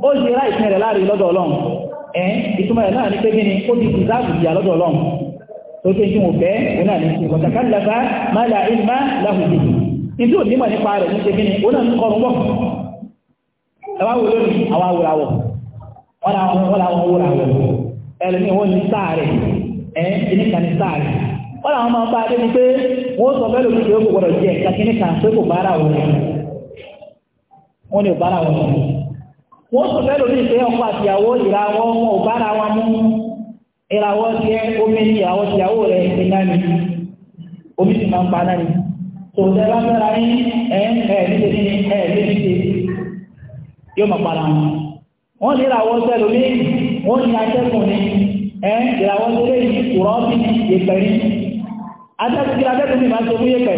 ó ṣe rá ìpín rẹ̀ láàrin lọ́dọ̀ ọlọ́run ẹ̀ ìtumọ̀ rẹ̀ náà ní pé kí ni ó ti dìzáàbù ìyà lọ́dọ̀ ọlọ́run tó pé kí wọn fẹ́ òun náà ní sí wọ̀tàkálàbá má la ìlmá láhùjì nítorí ò nímọ̀ nípa rẹ̀ ní ṣe kí ni òun náà ń kọrùn bọ̀ ẹwà wo lónìí àwọn awòràwọ̀ wọn làwọn wọn làwọn awòràwọ̀ ẹlẹ́ni wọn ní sáà rẹ̀ ẹ̀ ìníkà ní sáà rẹ̀ wọ́n làwọn máa bá a débi pé wọ́n sọ fẹ́ lómi tí ó kò gbọ́dọ̀ jẹ́ kakíní kan pé kò bára òun wọn ni ò bára òun wọ́n sọ fẹ́ lórí ìfẹ́ ọkọ àtìyàwó ìràwọ̀ wọn ò bára wọn mú ìràwọ̀ ti ẹ́ omi ní ìràwọ̀ tìyàwó rẹ̀ ti náà ni omi sì máa ń pa náà ni tò tẹ́ bá fẹ́ra ní ẹ̀ ẹ̀ níṣe ní ẹ̀ lé níṣe yóò máa para wọn. wọ́n ní ìràwọ̀ tẹ́ lómi wọ́n ní atẹ́kùn ni ẹ̀ ìràwọ̀ tẹ́lẹ̀ ìkùrọ̀ bí ìpẹ́ ni atẹ́kùn kí atẹ́kùn ni máa ṣe fún yẹpẹ́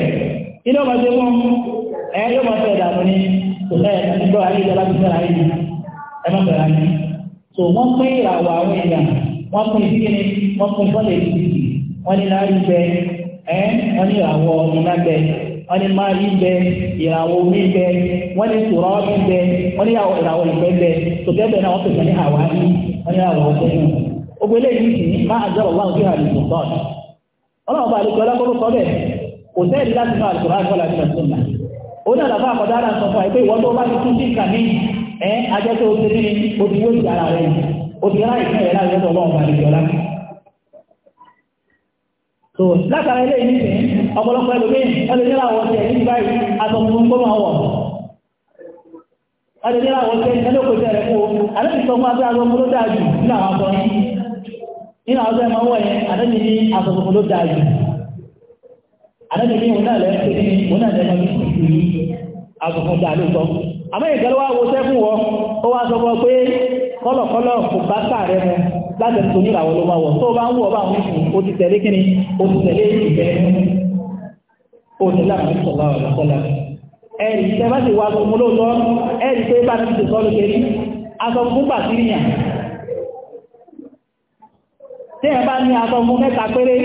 ilé ọmọ ṣe fún ẹ̀ yóò máa fẹ́ ìdààmú ni tò ẹ má bẹ̀rẹ̀ ní. so wọ́n pín ìràwọ̀ àwọn èèyàn wọ́n pín ìdíkíni wọ́n pín bọ́ọ̀lù wọ́n ní láàyè bẹ wọ́n ní ìràwọ̀ bẹ wọ́n ní máa yí bẹ ìràwọ̀ omi bẹ wọ́n ní sùrọ̀ bẹ wọ́n ní ìràwọ̀ ìgbẹ́ bẹ tòkẹ́ bẹ náà wọ́n pèsè ní àwa wọ́n ní ìràwọ̀ ẹ tó o ti ní o ti ara rẹ̀ o ti rá ìpín ẹ̀rá ìrẹ́sọ̀ ọlọ́run bá so látara ilé ọ̀pọ̀lọpọ̀ àmọ́ ìgbẹ̀lọ́wà wo sẹ́fún wọ ó wá sọ pé kọ́lọ̀kọ́lọ̀ kò bá sàárẹ̀ mu láti ẹ̀sùn ní ìràwọ̀ ló máa wọ̀ tó bá ń wọ̀ bá ń fún ó ti tẹ̀lé kíni ó ti tẹ̀lé ìfẹ́ ó ti láàrín sọ̀rọ̀ ọ̀lọ́kọ́lá ẹ̀rì tẹ́ bá ti wá gbogbo lóòótọ́ ẹ̀rì pé bá ti ti sọ́lù kiri aṣọ fún bàtíríyàn tí ẹ bá ní aṣọ fún mẹ́ta péré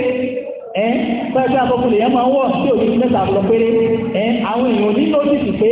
ẹ́ pẹ́ẹ́pẹ́ aṣọ fún lè yẹn máa ń wọ̀ tí òjò mẹ́ta lọ péré ẹ́ àwọn èèyàn ní lójìsì pé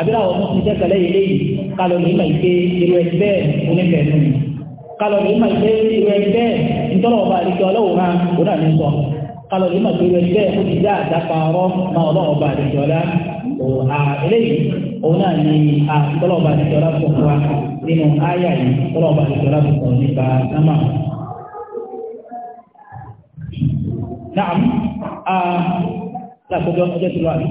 àbílẹ̀ àwọn ọmọ tuntun tẹ́tẹ̀lẹ́ yìí léyìí kálọ̀ lè máa ike irú ẹni bẹ́ẹ̀ oníbẹ̀ẹ́nu ni kálọ̀ lè máa ike irú ẹni bẹ́ẹ̀ nítorí ọba àdìkẹ́ ọlọ́wọ́ra òun náà ní sọ kálọ̀ lè máa irú ẹni bẹ́ẹ̀ ó ti dá àdáparọ́ máa ọlọ́wọ́ ọba àdìkẹ́ ọlá eléyìí òun náà ní àtọ́lọ́ ọba àdìkẹ́ ọlá fún wa nínú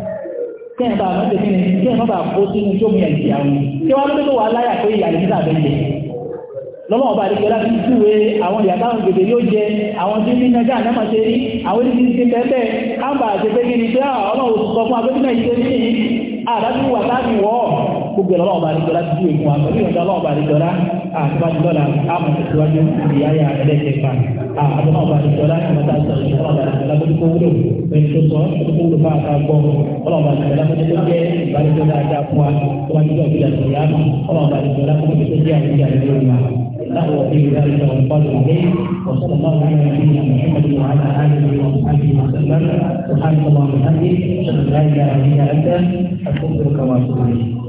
kẹ́yìn bá àwọn tẹ̀sí ni kẹ́yìn má bàa kó sínú tí ó mú yà ìyá wọn kí wọ́n tó wà láyà pé ìyá ìdílé àbẹ̀ jẹ lọ́mọ ọba àdìgbò láti júwe àwọn ìyá táwọn gbèdé yóò jẹ àwọn tí ní nàgá àdámà ṣe rí àwọn tí ti tẹ́tẹ́ àbà àti pé kí ni pé àwọn ọmọ òṣùpọ̀ fún abẹ́tí náà ṣe rí àdájú wà táàbì wọ́ gbogbo ọlọ́wọ́ bá di dọ́là tí o mú wa pẹ̀lú ìwọ̀n tí ọlọ́wọ́ bá di dọ́là àtúwájú dọ́là àmọ̀síwájú ìyáyà ẹlẹ́kẹ̀ẹ́fà àtúwájú ọlọ́wọ́ bá di dọ́là ìmọ̀ta sọ̀rọ̀ ìṣọ́ ọlọ́wọ́ bá di dọ́là gbogbo wúlò pẹ̀lú tó sọ gbogbo wúlò fún àtà gbọ́ ọlọ́wọ́ bá di dọ́là gbogbo وصلى الله على نبينا محمد وعلى اله وصحبه وسلم سبحانك اللهم وبحمدك اشهد ان لا اله الا انت استغفرك واتوب اليك